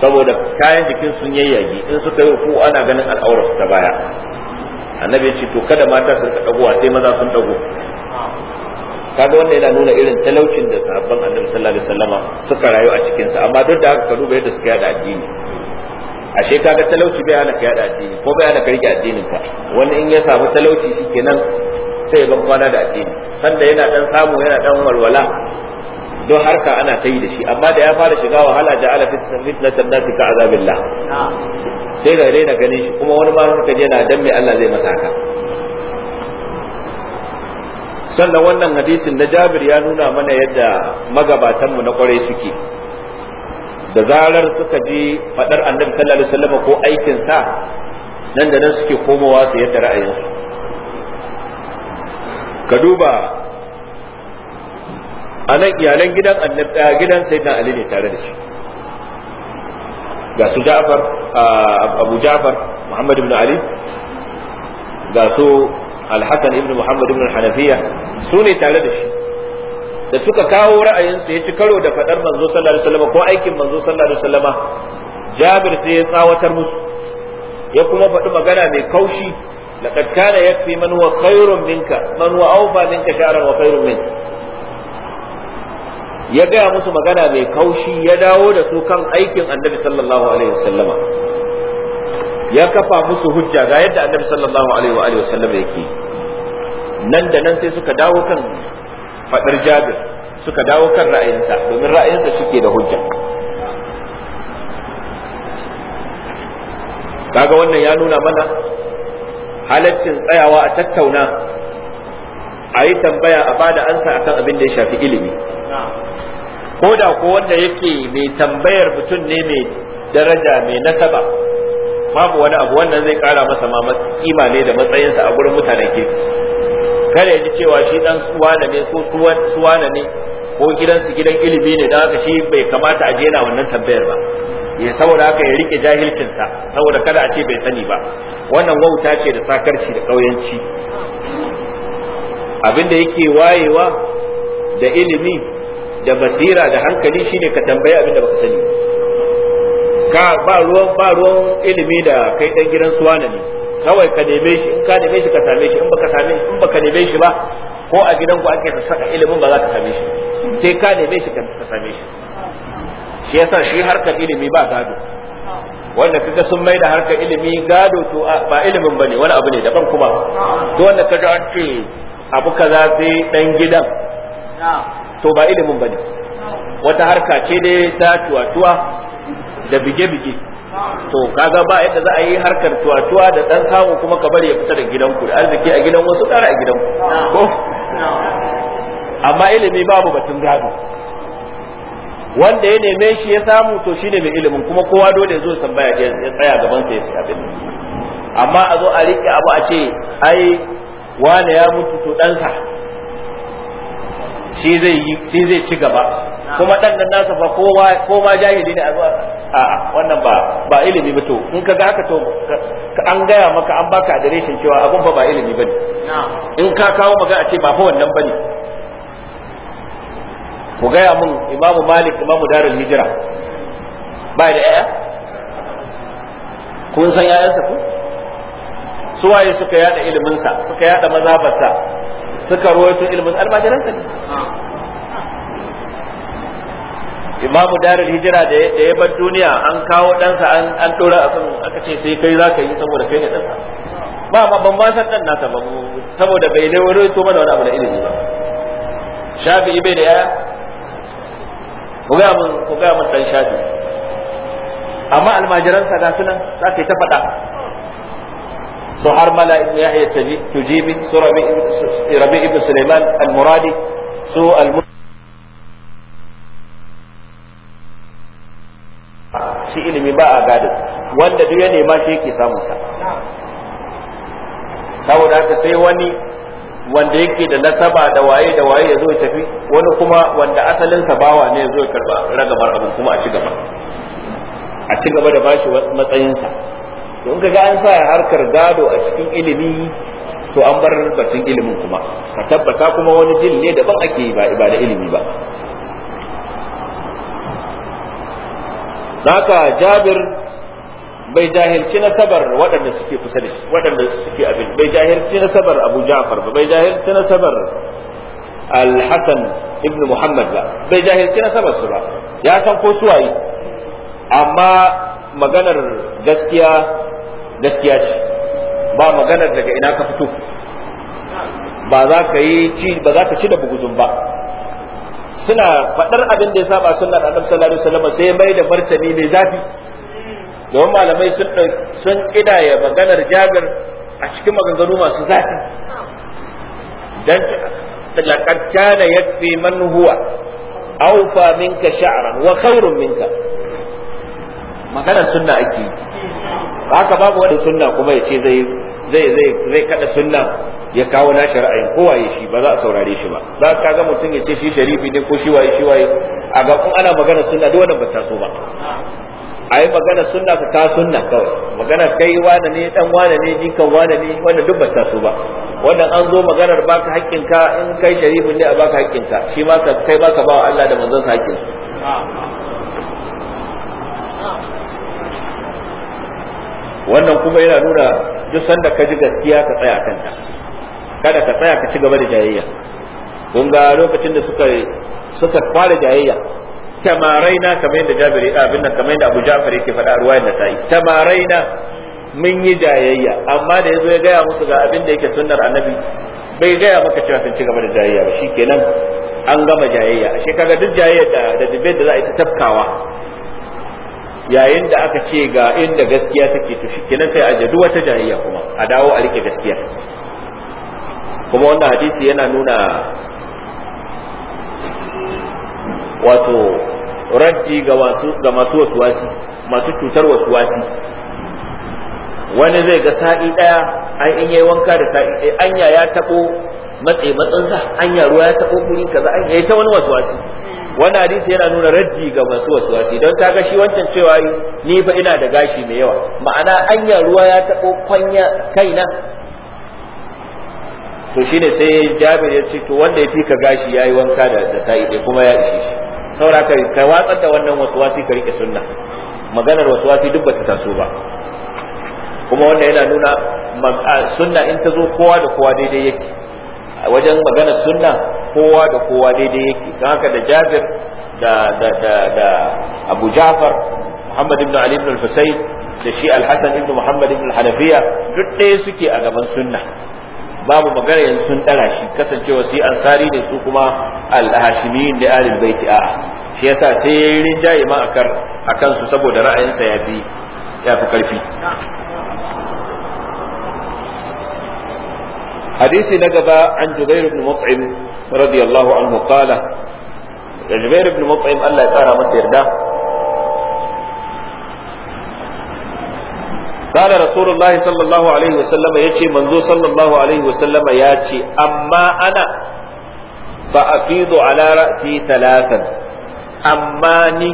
saboda kayan jikin sun yayyage in suka yi ku ana ganin al'aura ta baya annabi ce to kada mata su rika dagowa sai maza sun dago kaga wannan yana nuna irin talaucin da sahabban annabi sallallahu alaihi wasallama suka rayu a cikin sa amma duk da haka ka duba yadda suka yada addini ashe kaga talauci bai hana ka yada addini ko bai hana ka rike addinin ka wani in ya samu talauci shikenan sai ya ban kwana da addini sanda yana dan samu yana dan walwala don harka ana ta yi da shi amma da ya fara shiga wahala da ja'ala fitnatan nasi ka azabillah sai ga rena ganin shi kuma wani ma ka je na dan me Allah zai masa haka sannan wannan hadisin na Jabir ya nuna mana yadda magabatan mu na kwarai suke da zarar suka ji fadar Annabi sallallahu alaihi wasallam ko aikin sa nan da nan suke komowa su yadda ra'ayinsu ka duba a nan iyalan gidan eh, gidan sai sayyidina ali ne tare da shi ga su ja'far abu ja'far muhammad ibn ali ga su al-hasan ibn muhammad ibn hanafiya su ne tare da shi da suka kawo ra'ayinsu ya ci karo da faɗar manzo sallallahu alaihi wasallam ko aikin manzo sallallahu alaihi wasallam jabir sai ya tsawatar musu ya kuma faɗi magana mai kaushi laqad kana yakfi man huwa khairun minka man huwa awfa minka sharan wa khairun minka ya gaya musu magana mai kaushi ya dawo da su kan aikin annabi sallallahu alaihi wasallama ya kafa musu hujja ga yadda annabi sallallahu alaihi wasallama yake nan da nan sai suka dawo kan fadar jabir suka dawo kan ra'ayinsa domin ra'ayinsa suke da hujja kaga wannan ya nuna mana halaccin tsayawa a tattauna a yi tambaya a bada ansa a kan abin da ya shafi ilimi ko da ko wanda yake mai tambayar mutum ne mai daraja mai nasaba babu wani abu wannan zai kara masa ma kima ne da matsayinsa a gurin mutane ke kada ya ji cewa shi dan suwana ne ko suwana ne ko gidansu gidan ilimi ne da haka shi bai kamata a jena wannan tambayar ba ya saboda haka ya rike jahilcinsa saboda kada a ce bai sani ba wannan wauta ce da sakarci da ƙauyanci abin da yake wayewa da ilimi da basira da hankali shine ka tambayi abin da baka sani ka ba ruwan ba ruwan ilimi da kai dan gidan suwa ne kawai ka neme shi in ka neme shi ka same shi in baka same shi in baka neme shi ba ko a gidan ku ake saka ilimin ba za ka same shi sai ka neme shi ka same shi shi yasa shi harkar ilimi ba gado wanda kaga sun mai da harkar ilimi gado to ba ilimin bane wani abu ne daban kuma to wanda kaga an ce abu kaza sai dan gidan to ba ilimin bane wata harka ce dai ta tuwatuwa da bige-bige to kaga ba yadda za a yi harkar tuwatuwa da dan samu kuma ka bari ya fita da gidanku da arziki a gidan wasu kara a gidan ku, amma ilimi babu batun gado wanda ya neme shi ya samu to shine mai ilimin kuma kowa dole zo tambaya ya tsaya gaban sa ya ci abin amma a zo a rike abu a ce ai wane ya mutu to ɗansa shi zai yi shi zai ci gaba kuma dan nan nasa fa kowa ko ma jahili ne a a wannan ba ba ilimi ba to in kaga haka to an gaya maka an baka adireshin cewa abun fa ba ilimi bane in ka kawo magana a ce ba fa wannan bane ku gaya mun imamu malik imamu darul hijira ba da yaya kun san yayansa ku Su waye suka yada iliminsa suka yada mazhabarsa suka rawaito ilimin almajiransa ne imamu darul hijira da ya bar duniya an kawo ɗansa an ɗora a kan aka ce sai kai za ka yi saboda kai ne ɗansa ba ma ban ba san ɗan nasa ba saboda bai ne wani to mana wani abu da ilimi ba shafi'i bai da yaya ku ga mun ku dan shafi amma almajiran sa ga sunan za ka yi ta faɗa su har ya yi taji tujibi su rabi ibn sulaiman al-muradi su al shi ilimi ba a gadin wanda duk ya nema shi yake samun sa saboda haka sai wani wanda yake da nasaba da waye da waye ya zo ya tafi wani kuma wanda asalinsa bawa ne ya zo ya karba ragamar abin kuma a ci a ci da bashi matsayinsa don ga an sa harkar gado a cikin ilimi to an bar batun ilimin kuma ka tabbata kuma wani jin ne da ban ake yi ba da ilimi ba naka jabir bai jahilci nasabar waɗanda suke kusa da shi waɗanda suke abin bai jahilci nasabar abu ja'far ba bai jahilci nasabar al-hasan ibn muhammad ba bai jahilci nasabar su ba ya san ko su waye. amma maganar gaskiya gaskiya ce ba maganar daga ina ka fito ba za ka yi ci ba za ka ci da buguzun ba suna faɗar abin da ya saba sunan annabi sallallahu alaihi wasallam sai mai da martani mai zafi domin malamai sun sun kidaya maganar jabir a cikin maganganu masu zafi dan laqad kana yakfi man huwa awfa minka sha'ran wa khairun minka maganar sunna ake haka babu wani sunna kuma ya ce zai zai zai zai kada sunna ya kawo nashi ra'ayin ya shi ba za a saurare shi ba za ka ga mutum ya ce shi sharifi ne ko shi waye shi waye a ga kun ana magana sunna duk wannan ba ta so ba a yi magana sunna ka ta sunna kawai magana kai wane ne dan wane ne jikan wane ne wanda duk ba ta so ba wannan an zo maganar baka haƙƙin ka in kai sharifin ne a baka haƙƙin ka shi ma kai baka ba Allah da manzon sa haƙƙin wannan kuma yana nuna duk sanda ka ji gaskiya ka tsaya kanta kada ka tsaya ka ci gaba da jayayya kun ga lokacin da suka suka fara jayayya tamaraina kamar yadda jabiri abin nan kamar yadda abu jafar yake faɗa a tamaraina mun yi jayayya amma da yazo ya gaya musu ga abin da yake sunnar annabi bai gaya maka cewa sun ci gaba da jayayya ba shikenan an gama jayayya a shekara duk jayayya da da debate da za a yi tafkawa yayin da aka ce ga inda gaskiya take to kenan sai a jadu ta jayayya kuma a dawo a rike gaskiya kuma wannan hadisi yana nuna wato raddi ga wasu ga masu wasuwasi masu cutar wasuwasi wani zai ga sa'i daya ai in yayi wanka da sa'i ɗaya. anya ya tabo matse matsinsa anya ruwa ya tabo kuri kaza an yayi ta wani wasuwasi wani hadisi yana nuna raddi ga masu wasuwasi don ga shi wancan cewa ni fa ina da gashi mai yawa ma'ana anya ruwa ya tabo kwanya kaina to shine sai Jabir ya ce to wanda ya fika gashi yayi wanka da sa'i ɗaya kuma ya ishe shi saura ka watsar da wannan wasuwasi ka rike sunna maganar wasuwasi duk bata taso ba kuma wanda yana nuna sunna in ta zo kowa da kowa daidai yake wajen maganar sunna kowa da kowa daidai yake don haka da jabir da da da da abu jafar muhammad ibn ali ibn al-husayn da shi al-hasan ibn muhammad ibn al-hanafiya duk ɗaya suke a gaban sunna babu magana yanzu sun dara shi kasancewa sai ansari ne su kuma al-hashimiyin da alil baiti a shi yasa sai yayi rinjaye ma akar akan su saboda ra'ayinsa ya fi ya fi karfi hadisi na gaba an jubair ibn mut'im radiyallahu anhu qala jubair ibn mut'im Allah ya tsara masa yarda qala rasulullahi sallallahu alaihi wasallama yace manzo sallallahu alaihi wasallama yace amma ana fa afidu ala ra'si talatan amma ni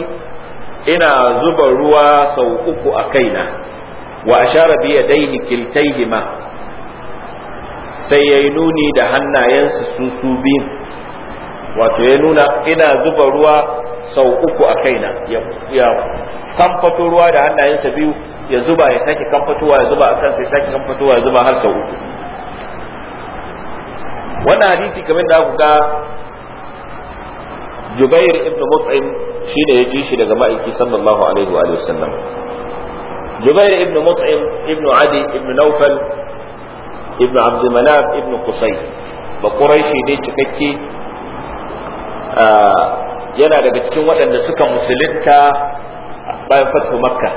ina zuba ruwa sau uku a kaina wa ashara bi yadayhi kiltayhima sai yayi nuni da hannayensa su su biyun wato ya nuna ina zuba ruwa sau uku a kaina ya ruwa da hannayensa biyu ya zuba ya sake kamfatowa ya zuba a kansa ya sake kamfatowa ya zuba har sau uku wannan hadisi kamar da aka ga Jubair ibn Mut'im shine ya ji shi daga ma'aiki sallallahu alaihi wa sallam Jubair ibn Mut'im ibn Adi ibn Nawfal ibn Abd Manaf ibn Qusay ba Quraishi ne cikakke yana daga cikin waɗanda suka musulunta bayan fatu Makka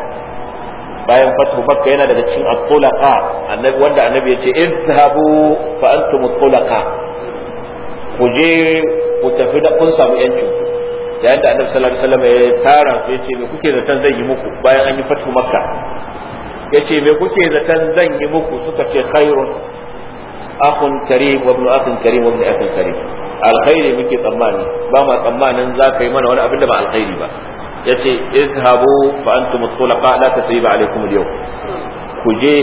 bayan fatu makka yana daga cikin at-tulaqa annabi wanda annabi yace izhabu fa antum at-tulaqa ku je ku tafi da kun samu yancin yayin da annabi sallallahu alaihi wasallam ya tara su yace me kuke zaton zan yi muku bayan an yi fatu makka yace me kuke zaton zan yi muku suka ce khairun akhun karim wa ibn akhin karim wa ibn akhin karim alkhairi muke tsammani ba ma tsammanin za ka yi mana wani abin da ba alkhairi ba ya ce izhabu fa antum tulaqa la tasiba alaikum al ku je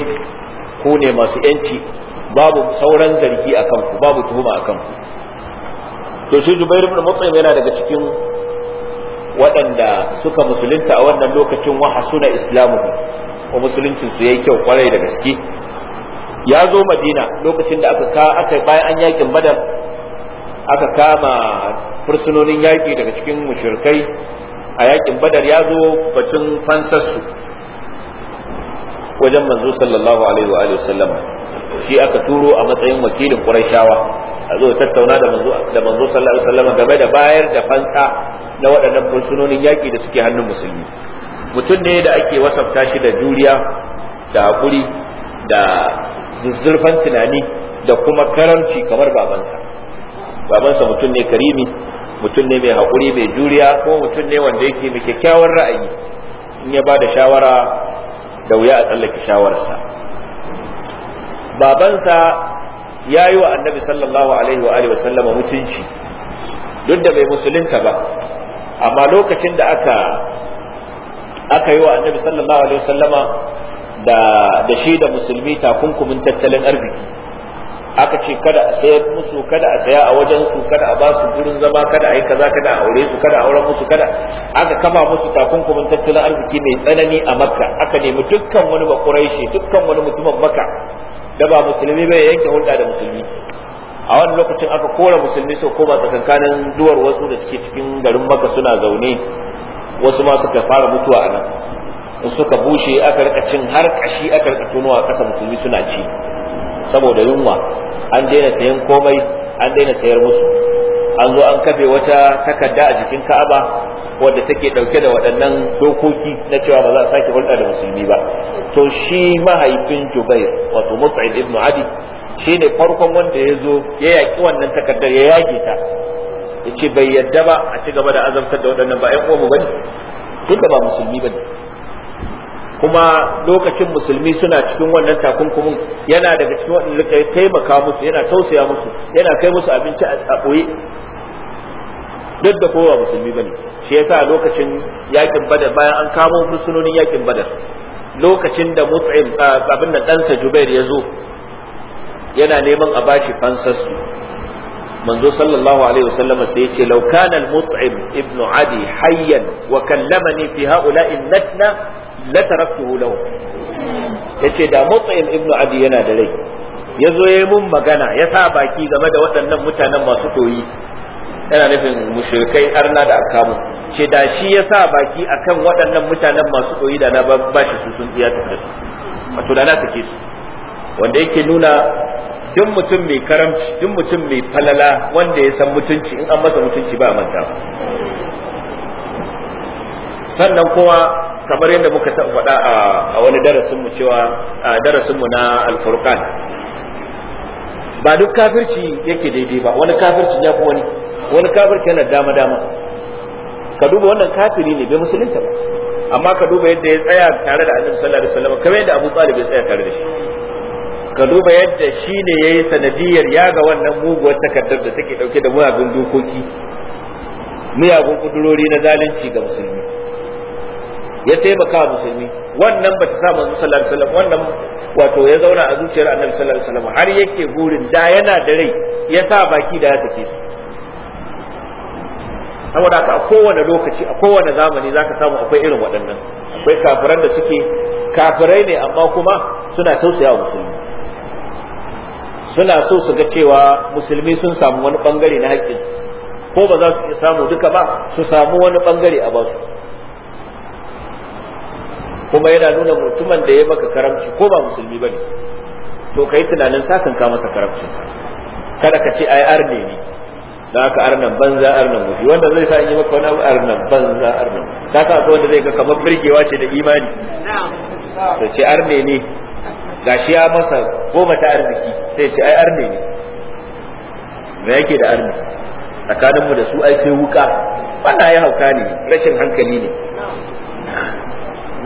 ku ne masu yanci babu sauran zargi a kanku babu tuhuma a kanku to shi Jubair ibn Mut'im yana daga cikin waɗanda suka musulunta a wannan lokacin wa hasuna islamu wa musuluncin su yayi kyau kwarai da gaske ya zo Madina lokacin da aka ka aka bayan an yakin Badar aka kama fursunonin yaƙi daga cikin mushirkai a yaƙin badar ya zo bacin fansarsu wajen manzo sallallahu alaihi wa sallama shi aka turo a matsayin wakilin ƙurayshawa a zo tattauna da manzo sallallahu alaihi wa sallama game da bayar da fansa na waɗannan fursunonin yaƙi da suke hannun musulmi mutum ne da ake wasafta shi da juriya da haƙuri da zuzzurfan tunani da kuma karamci kamar babansa babansa mutum ne karimi mutum ne mai haƙuri mai juriya ko mutum ne wanda yake mai kyakkyawar ra'ayi in ya ba da shawara da wuya a tsallake shawararsa babansa ya yi wa annabi sallallahu alaihi wa alihi sallama mutunci duk da bai musulunta ba amma lokacin da aka aka yi wa annabi sallallahu alaihi wa sallama, da shi da musulmi takunkumin tattalin arziki aka ce kada a sayar musu kada a saya a wajen su kada a ba su gurin zama kada a yi kaza kada a aure su kada a auren musu kada aka kama musu takunkumin tattalin arziki mai tsanani a makka aka nemi dukkan wani bakuraishi dukkan wani mutumin makka da ba musulmi bai yanke hulɗa da musulmi a wani lokacin aka kora musulmi sau koma tsakankanin duwar wasu da suke cikin garin makka suna zaune wasu ma suka fara mutuwa a nan suka bushe aka rika cin har kashi aka rika tonowa ƙasa musulmi suna ci saboda yunwa an daina sayan komai an daina sayar musu an zo an kafe wata takarda a jikin ka'aba wadda take dauke da waɗannan dokoki na cewa ba za a sake hulɗa da musulmi ba to shi mahaifin jubair wato musa'id ibn adi shine farkon wanda ya zo ya yaƙi wannan takardar ya yage ta ya ce bai yadda ba a ci gaba da azamtar da waɗannan ba 'yan uwanmu ba ne tunda ba musulmi ba ne kuma lokacin musulmi suna cikin wannan takunkumin yana daga cikin waɗanda ya taimaka musu yana tausaya musu yana kai musu abinci a ɓoye duk da kowa musulmi bane shi yasa lokacin yakin badar bayan an kamo fursunonin yakin badar lokacin da mut'im abin da ɗansa jubair ya zo yana neman a bashi fansarsu manzo sallallahu alaihi wasallam sai yace law kana al-mut'im ibnu adi hayyan wa kallamani fi ha'ula'in natna la taraktuhu lahu yace da mutsayin ibnu abi yana da rai ya zo ya mun magana ya sa baki game da waɗannan mutanen masu koyi yana nufin mushrikai arna da akamu ce da shi ya sa baki akan waɗannan mutanen masu koyi da na ba shi su sun iya tafiya wato da na sake su wanda yake nuna duk mutum mai karamci duk mutum mai falala wanda ya san mutunci in an masa mutunci ba a manta sannan kuma kamar yadda muka faɗa a wani darasinmu cewa a darasinmu na alfurkan. ba duk kafirci yake daidai ba wani kafirci ya fi wani wani kafirci yana dama dama ka duba wannan kafiri ne bai musulunta ba amma ka duba yadda ya tsaya tare da annabi sallallahu alaihi wasallam kamar yadda Abu Talib ya tsaya tare da shi ka duba yadda shi ne yayi sanadiyar ga wannan muguwar takaddar da take dauke da muyagun dokoki miyagun kudurori na zalunci ga musulmi ya taimaka musulmi wannan ta sa manzo sallallahu alaihi wasallam wannan wato ya zauna a zuciyar annabi sallallahu alaihi wasallam har yake burin da yana da rai ya sa baki da ya sake su saboda ka a kowane lokaci a kowane zamani zaka samu akwai irin waɗannan akwai kafiran da suke kafirai ne amma kuma suna tausaya musulmi suna so su ga cewa musulmi sun samu wani bangare na haƙƙin ko ba za su samu duka ba su samu wani bangare a basu kuma yana nuna mutumin da ya maka karamci ko ba musulmi bane to kai tunanin sakan ka masa karamcinsa kada ka ce ai arne ne da aka arnan banza arnan wufi wanda zai sa yi maka wani abu arnan banza arnan ta ka wanda zai ga kamar birgewa ce da imani to ce arne ne shi ya masa ko mata arziki sai ce ai arne ne me yake da arne tsakaninmu da su ai sai wuka wannan ya hauka ne rashin hankali ne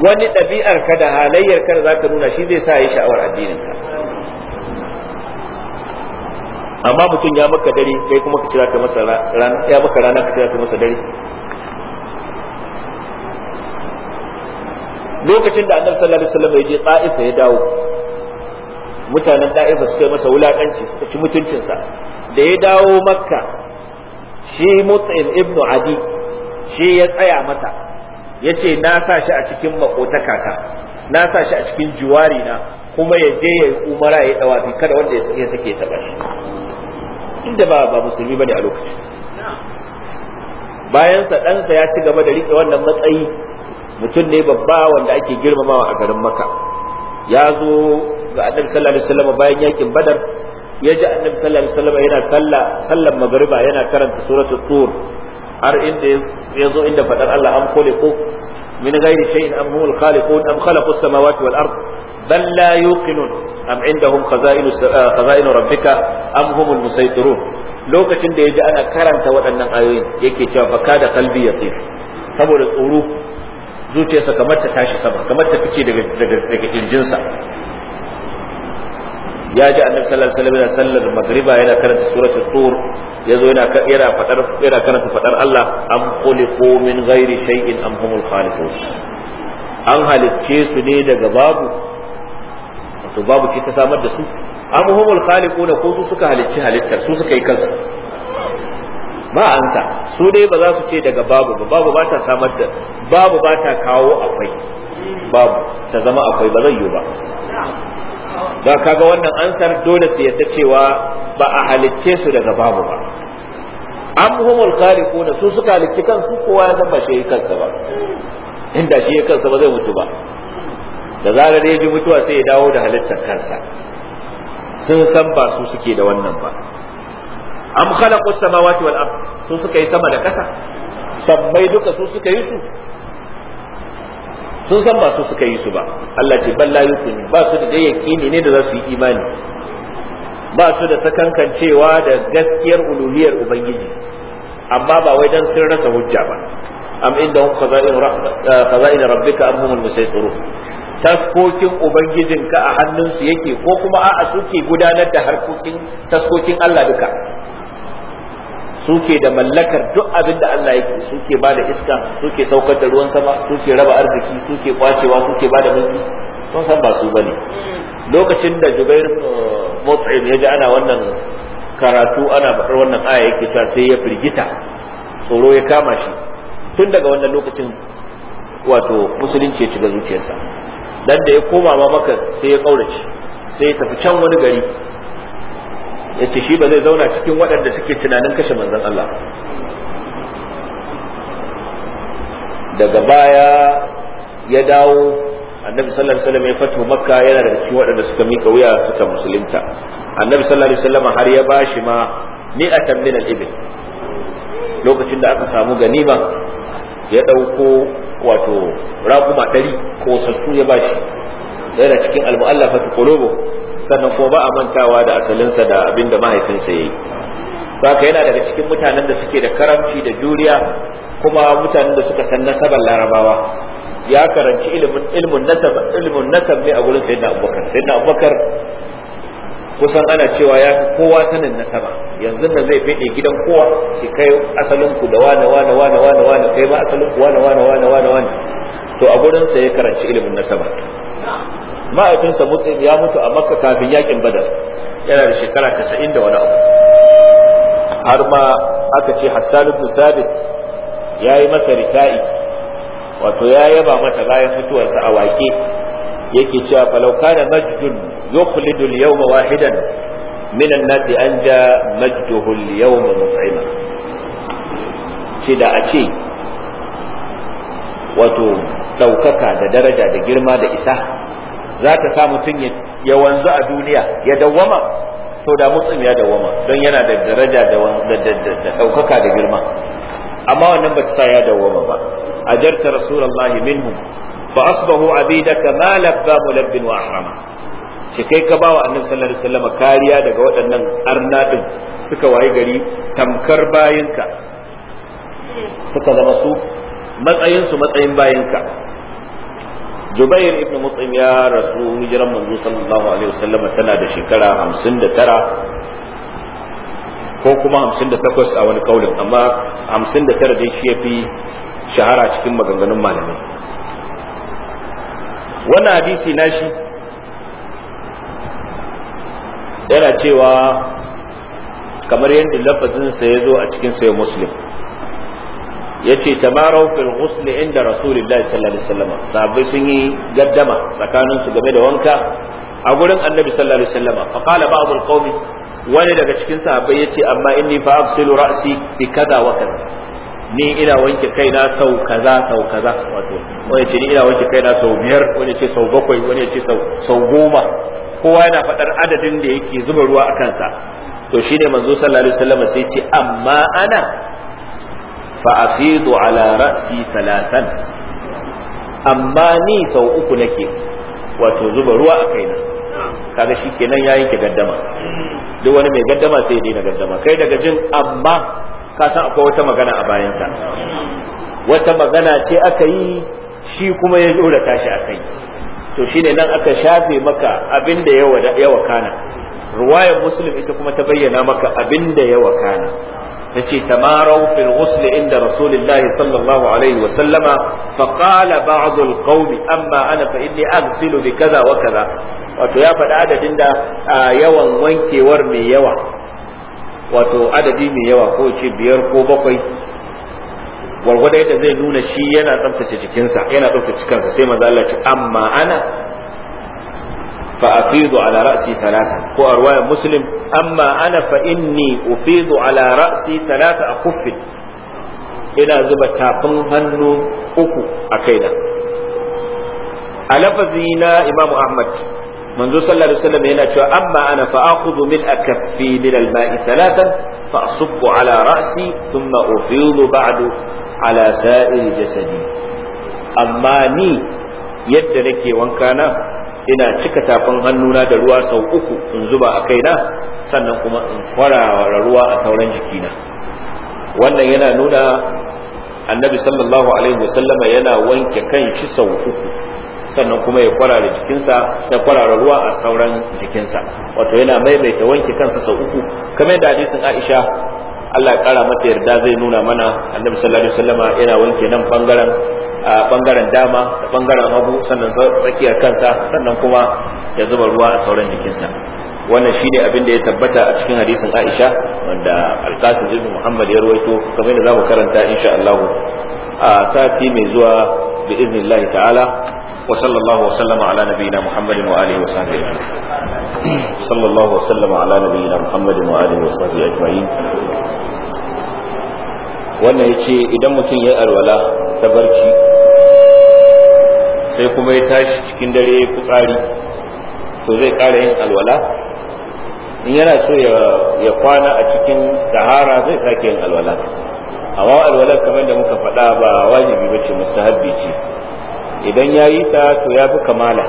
wani ɗabi'ar ka da halayyar ka da za ka nuna shi zai sa ya sha'awar addinin ka amma mutum ya maka dare kai kuma ka kira ka masa rana ya maka rana ka kira ka masa dare lokacin da annabi sallallahu alaihi wasallam ya je ta'ifa ya dawo mutanen ta'ifa suka yi masa wulakanci suka ci mutuncinsa da ya dawo makka shi mut'im ibnu adi shi ya tsaya masa yace na sa shi a cikin makotakata na sa shi a cikin juwari na kuma ya je ya yi umara ya dawafi kada wanda ya sake taba shi inda ba ba musulmi bane a lokacin bayan sa ɗansa ya ci gaba da riƙe wannan matsayi mutum ne babba wanda ake girmamawa a garin maka ya zo ga annabi sallallahu alaihi wasallam bayan yakin badar ya ji annabi sallallahu alaihi yana sallah sallan magriba yana karanta suratul tur har inda ya zo inda faɗar Allah am khuliqu min ghairi shay'in am humul khaliqun am khalaqu samawati wal ard bal la yuqinun am indahum khaza'inu eh, khaza'inu rabbika am humul musaytirun lokacin da yaji ana karanta waɗannan ayoyin yake cewa baka da kalbi yaqin saboda tsoro zuciyarsa kamar ta tashi sama kamar ta fice daga daga daga kirjinsa ya ji annabi sallallahu alaihi wasallam sallar magriba yana karanta suratul tur yazo yana yana fadar yana karanta fadar Allah am khuliqu min ghairi shay'in am humul khaliqun an halicce su ne daga babu to babu ce ta samar da su am humul khaliqun ko su suka halicci halittar su suka yi kansu ba ansa su dai ba za su ce daga babu ba babu ba ta samar da babu ba ta kawo akwai babu ta zama akwai ba zai yi ba da kaga wannan ansar dole su yadda cewa ba a halicce su daga babu ba An am humul da su suka halicci kansu kowa ya san ba shi kansa ba inda shi kansa ba zai mutu ba da zarar ya ji mutuwa sai ya dawo da halittar kansa sun san ba su suke da wannan ba am khalaqu samawati wal ard su suka yi sama da kasa sabbai duka su suka yi su sun san ba su suka yi su ba Allah ce balla yukuni ba su da yakini ne da za su yi imani ba su da sakankancewa da gaskiyar uluhiyar ubangiji amma ba wai dan sun rasa hujja ba am indahum qaza'in eh, rabbika am humul musaytirun taskokin ubangijinka a hannunsu yake ko kuma a'a suke gudanar da harkokin taskokin Allah duka suke da mallakar duk abin da Allah yake suke ba da iska suke saukar da ruwan sama suke raba arziki suke kwacewa suke ba da mulki sun san ba su bane lokacin da Jubair Mut'im ya ji ana wannan karatu ana faɗar wannan aya yake ta sai ya firgita tsoro ya kama shi tun daga wannan lokacin wato musulunci ya shiga zuciyarsa dan da ya koma ma maka sai ya kaurace sai ya tafi can wani gari yace shi ba zai zauna cikin waɗanda suke tunanin kashe manzon Allah daga baya ya dawo annabi sallallahu alaihi wasallam ya fato makka yana daga cikin waɗanda suka mika wuya suka musulunta annabi sallallahu alaihi wasallam har ya bashi ma mi'atan min al-ibil lokacin da aka samu ganima ya ɗauko wato raƙuma ɗari ko sassu ya bashi ɗaya cikin al-mu'allafatu qulubuh sannan ko ba a mantawa da asalinsa da abin da mahaifinsa ya yi ka yana daga cikin mutanen da suke da karamci da juriya kuma mutanen da suka san nasabar larabawa ya karanci ilimin nasab nasab ne a gurin sayyidina abubakar na abubakar kusan ana cewa ya fi kowa sanin nasaba yanzu nan zai fede gidan kowa shi kai asalinku da wane wane wane wane wane kai ma asalinku wane wane wane wane wane to a gurin sa ya karanci ilimin nasaba Ma'aikinsa mutu ya mutu a makka kafin yakin badar yana da shekara kasa'in da wani abu har ma aka ce hassan ibn sabit ya yi masa rita'i wato ya yaba masa bayan mutuwarsa a wake yake cewa falau kana majdun yukhlidu al-yawma wahidan min an-nasi anja majduhu al-yawma mut'ima da a ce wato ɗaukaka da daraja da girma da isa za ta sa mutum ya wanzu a duniya ya dawwama to da mutum ya dawwama don yana da daraja da ɗaukaka da girma amma wannan ba ta sa ya dawwama ba A jarta rasulullahi minhu fa asbahu abidaka ma labba mulabbin wa ahrama shi kai ka ba wa annabi sallallahu alaihi wasallam kariya daga waɗannan arna din suka waye gari tamkar bayinka suka zama su matsayin su matsayin bayinka jubair ibn mutsim ya rasu hijiran manzo sallallahu alaihi wasallam tana da shekara 59 ko kuma 58 a wani kaulin amma 59 dai shi yafi shahara cikin maganganun malamai wannan hadisi nashi yana cewa kamar yadda lafazinsa ya zo a cikin sayo muslim yace tabarau fil ghusl inda rasulillahi sallallahu alaihi wasallam sabbi sun yi gaddama tsakanin su game da wanka a gurin annabi sallallahu alaihi wasallam fa qala ba'd al qawmi wani daga cikin sahabbai yace amma inni fa afsilu ra'si bi kaza wa kaza ni ina wanke kaina sau kaza sau kaza wato wani ce ni ina wanke kaina sau biyar wani yace sau bakwai wani ce sau sau goma kowa yana faɗar adadin da yake zuba ruwa a kansa to shine manzo sallallahu alaihi wasallam sai ce amma ana fa afidu ala ra'si salatan. amma ni sau uku nake wato zuba ruwa a kaina kaga shikenan ya yanke gaddama duk wani mai gaddama sai ya gaddama kai daga jin amma ka san akwai wata magana a ka wata magana ce aka yi shi kuma ya zo da tashi a kai to shine nan aka shafe maka abin da ya wakana ruwayar muslim ita kuma ta bayyana maka abin da ya wakana yace tamarau fil ghusl inda rasulillahi sallallahu alaihi wa sallama fa qala ba'd al qawm amma ana fa inni aghsilu bi kaza wa kaza wato ya faɗi adadin da yawan wankewar mai yawa wato adadi mai yawa ko ce biyar ko bakwai gwargwada da zai nuna shi yana tsaftace jikinsa yana tsaftace kansa sai maza Allah ce amma ana فأفيض على رأسي ثلاثة هو رواية مسلم أما أنا فإني أفيض على رأسي ثلاثة أخف إلى زبا تافن هنو أكو أكينا ألفزينا إمام أحمد منذ صلى الله عليه وسلم هنا أما أنا فأخذ من أكفي من الماء ثلاثا فأصب على رأسي ثم أفيض بعد على سائر جسدي أما ني يد نكي وان كان ina cika tafin hannuna da ruwa sau uku in zuba a kaina sannan kuma in kwarara ruwa a sauran jikina wannan yana nuna annabi sallallahu alaihi wasallama yana wanke kan shi sau uku sannan kuma ya kwarara jikinsa da kwarara ruwa a sauran jikinsa wato yana maimaita wanke kansa sau uku kamar da hadisin Aisha Allah ya kara mata yarda zai nuna mana annabi sallallahu alaihi wasallama yana wanke nan bangaren a bangaren dama da bangaren hagu sannan tsakiyar kansa sannan kuma ya zuba ruwa a sauran jikinsa wannan shi ne abin da ya tabbata a cikin hadisin aisha wanda al alkasin ibn muhammad ya rawaito kamar yadda zamu karanta insha Allah a sati mai zuwa bi iznillah ta'ala wa sallallahu wa sallama ala nabiyyina muhammadin wa alihi wa sahbihi sallallahu wa sallama ala nabiyyina muhammadin wa alihi wa sahbihi ajma'in wannan yace idan mutum ya alwala ta barci sai kuma ya tashi cikin dare ya fitsari to zai ƙara yin alwala in yana so ya kwana a cikin sahara zai sake yin alwala amma alwala kamar da muka faɗa ba wajibi ba ce mustahabbi ce idan ya yi ta to ya fi kamala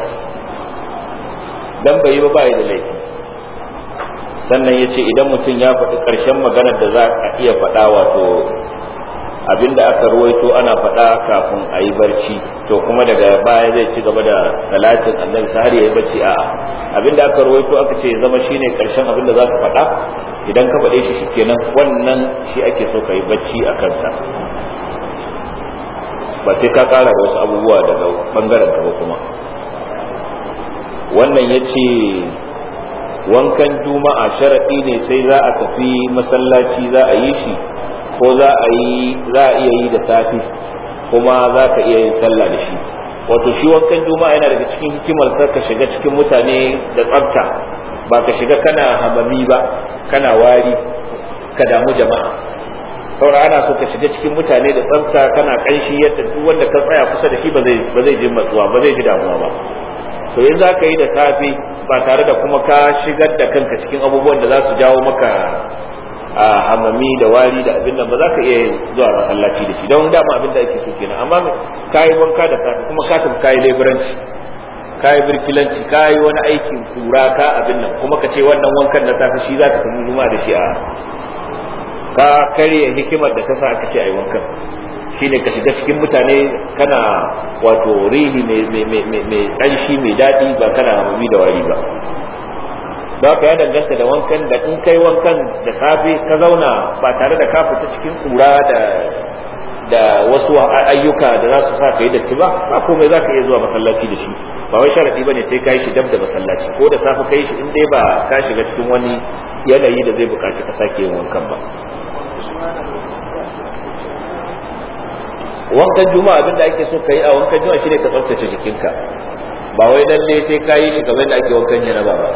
dan bai yi ba ya da laifi sannan ya ce idan mutum ya faɗi ƙarshen maganar da za a iya faɗa wato Abin da aka ruwaito ana faɗa kafin a yi barci to kuma daga baya zai ci gaba da salatin annabi har ya yi barci a'a abinda aka ruwaito aka ce zama shine karshen abinda za ka faɗa idan ka faɗe shi shikenan wannan shi ake so ka yi barci a kansa ba sai ka ƙara wasu abubuwa daga bangaren ka ba kuma wannan ya ce wankan juma'a sharaɗi ne sai za a tafi masallaci za a yi shi ko za a yi za a iya yi da safi kuma za ka iya yin sallah da shi wato shi wankan juma'a yana daga cikin hikimar sa ka shiga cikin mutane da tsafta ba ka shiga kana hamami ba kana wari ka damu jama'a saura ana so ka shiga cikin mutane da tsafta kana kanshi yadda duk wanda ka tsaya kusa da shi ba zai ba zai ji matsuwa ba zai ji damuwa ba to yanzu za ka yi da safi ba tare da kuma ka shigar da kanka cikin abubuwan da za su jawo maka A hamami da wari da abin nan ba za ka iya yin zuwa masallaci da shi don dama abin da ake so kenan amma kayi wanka da safe kuma ka tafi kayi leburanci kayi birkilanci kayi wani aikin kura ka abin nan kuma ka ce wannan wankan na safe shi za ka tafi juma'a da shi a ka karya hikimar da ta sa ka ce ayi wankan shine ka shiga cikin mutane kana wato rihi mai ƙanshi mai daɗi ba kana hamami da wari ba da ka ya danganta da wankan da in kai wankan da safe ka zauna ba tare da ka fita cikin kura da da wasu ayyuka da za su sa ka yi datti ba ba komai za ka iya zuwa masallaci da shi ba wai sharadi ba ne sai ka yi shi dab da masallaci ko da safe ka yi shi in dai ba ka shiga cikin wani yanayi da zai buƙaci ka sake yin wankan ba wankan juma'a abin da ake so ka yi a wankan juma'a shine ka tsaftace jikinka ba wai ne sai ka yi shi kamar da ake wankan janaba ba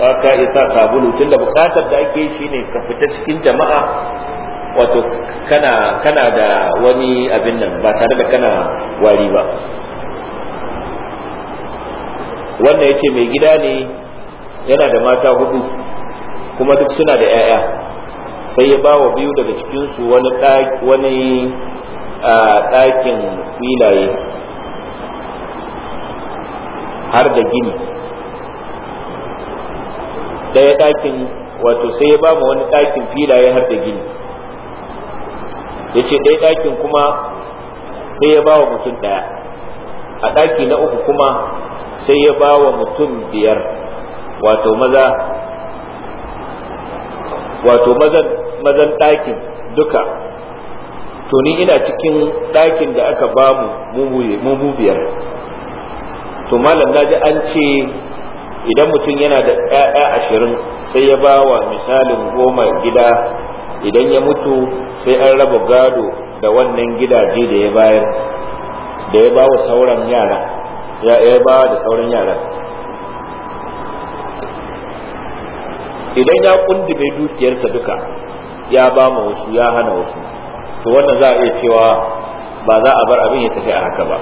ba ka isa sabulu tunda bukatar da ake shi ne ka fita cikin jama'a wato kana kana da wani abin nan ba tare da kana wari ba wannan yace mai gida ne yana da mata hudu kuma duk suna da 'ya'ya sai ya ba wa biyu daga cikinsu wani a ɗakin filaye har da gini Daya dakin wato sai ya ba mu wani dakin filaye har da gini ya ce ɗaya dakin kuma sai ya ba wa mutum ɗaya a ɗaki na uku kuma sai ya ba wa mutum biyar wato maza wato mazan ɗakin duka to ni ina cikin ɗakin da aka ba mu mu biyar to malam naji an ce idan mutum yana da 'ya'ya ashirin sai ya ba wa misalin goma gida idan ya mutu sai an raba gado da wannan gidaje da ya bayar da ya ba wa sauran yara ya ba da sauran yara idan ya kundume dukiyarsa duka ya ba ma wasu ya hana wasu to wannan za a iya cewa ba za a bar abin ya tafi a haka ba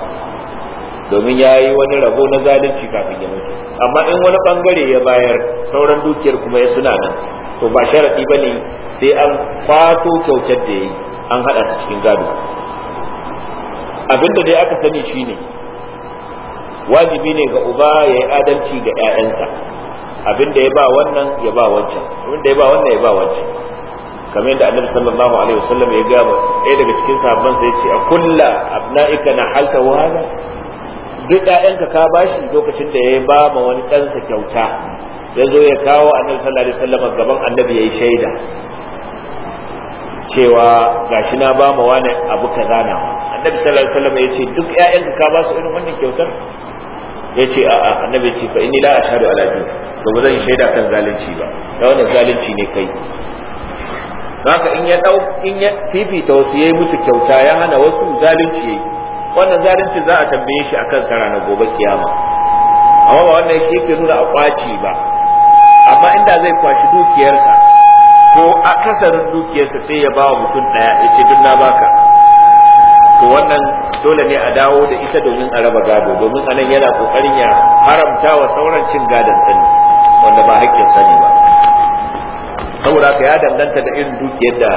domin ya yi wani rabo na zalunci kafin ya mutu amma in wani bangare ya bayar sauran dukiyar kuma ya suna nan to ba sharaɗi ba ne sai an kwato kyautar da ya yi an haɗa su cikin gado abinda dai aka sani shine wajibi ne ga uba ya yi adalci ga 'ya'yansa abinda ya ba wannan ya ba wancan abinda ya ba wannan ya ba wancan kamar yadda annabi sallallahu alaihi wasallam ya ba ɗaya daga cikin sahabban sa ce a kulla abna'ika na halta wa duk ƴaƴanka ka bashi lokacin da ya ba ma wani ɗansa kyauta ya zo ya kawo annabi sallallahu alaihi wasallam gaban annabi yayi shaida cewa gashi na ba ma wani abu kaza na annabi sallallahu alaihi wasallam ya ce duk ƴaƴanka ka ba su irin wannan kyautar ya ce a a annabi ce fa inni la ashhadu ala ju to ba zan shaida kan zalunci ba da wannan zalunci ne kai haka in ya dau in ya fifita wasu yayi musu kyauta ya hana wasu zalunci yayi wannan zalunci za a tambaye shi akan sa na gobe kiyama amma ba wannan shi ke nuna a kwaci ba amma inda zai kwashi dukiyarsa ko akasarin dukiyarsa sai ya bawa mutum daya ya ce duk na baka to wannan dole ne a dawo da ita domin a raba gado domin anan yana kokarin ya haramta wa sauran cin gadon sani wanda ba hakkin sani ba saboda ka ya danganta da irin dukiyar da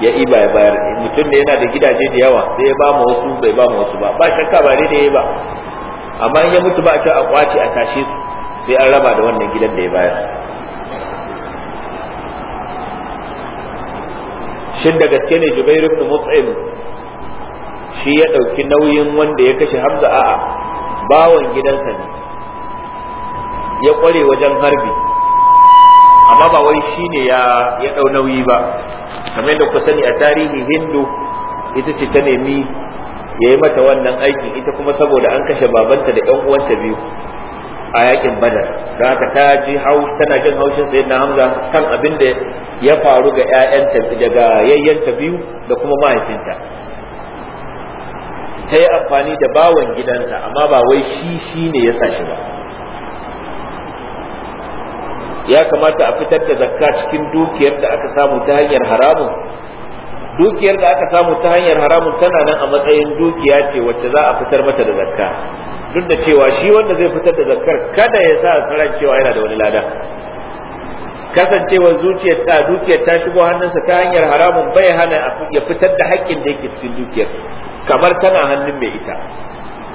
ya iba ya bayar mutum da yana da gidaje da yawa sai ya ba mu wasu bai ba mu wasu ba ba shakka ba ne da ya ba amma in ya mutu ba a a kwace a tashe su sai an raba da wannan gidan da ya bayar shin da gaske ne jubairu ibn mut'im shi ya dauki nauyin wanda ya kashe hamza a'a bawon gidansa ne ya kware wajen harbi amma ba wai shine ya ya dau nauyi ba kamar da ku sani a tarihi hindu ita ce ta nemi ya yi mata wannan aikin ita kuma saboda an kashe babanta da 'yan uwanta biyu a yakin badar da haka ta ji tana jin haushin sayi na hamza kan abin da ya faru ga 'ya'yanta daga yayyanta biyu da kuma mahaifinta ta yi amfani da bawan gidansa amma ba wai shi shi ne ya sa shi ba ya kamata a fitar da zakka cikin dukiyar da aka samu ta hanyar haramun dukiyar da aka samu ta hanyar haramun tana nan a matsayin dukiya ce wacce za a fitar mata da zakka duk da cewa shi wanda zai fitar da zakkar kada ya sa a cewa yana da wani lada kasancewar zuciyar ta dukiyar ta shigo hannunsa ta hanyar haramun bai hana ya fitar da haƙƙin da yake cikin dukiyar kamar tana hannun mai ita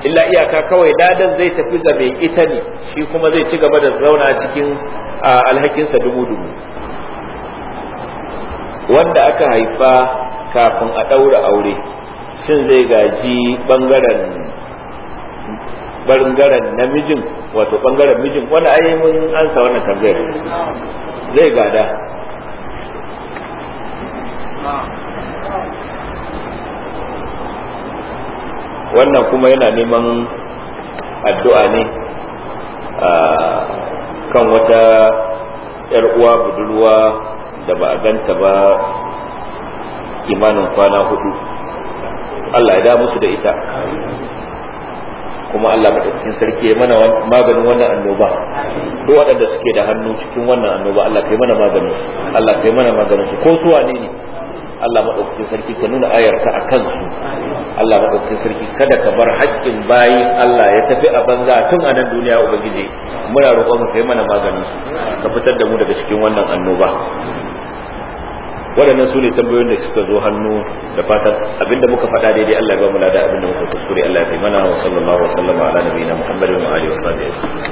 illa iyaka kawai dadan zai tafi ga mai ita ne shi kuma zai ci gaba da zauna cikin alhakinsa dubu dubu wanda aka haifa kafin a ɗaura aure shin zai gaji ɓangaren bangaren namijin wato bangaren mijin wanda ai mun ansa wannan tambayar zai gada wannan kuma yana neman addu'a ne kan wata yar uwa budurwa da ba a ganta ba kimanin kwana hudu Allah ya da musu da ita kuma Allah madaukakin sarki mana maganin wannan annoba duk waɗanda suke da hannu cikin wannan annoba Allah kai mana maganin su Allah kai mana maganin su ko su wane ne Allah maɗaukakin sarki ka nuna ka a kansu Allah maɗaukakin sarki kada ka bar haƙƙin bayin Allah ya tafi a banza tun a nan duniya ubangiji muna roƙon ka kai mana maganin su ka fitar da mu daga cikin wannan annoba waɗannan su ne tambayoyin da suka zo hannu da fatan abinda muka faɗa daidai Allah ya ba mu lada abinda muka kuskure Allah ya kai mana wa sallallahu wa sallama ala nabiyina Muhammadin wa alihi wa sahbihi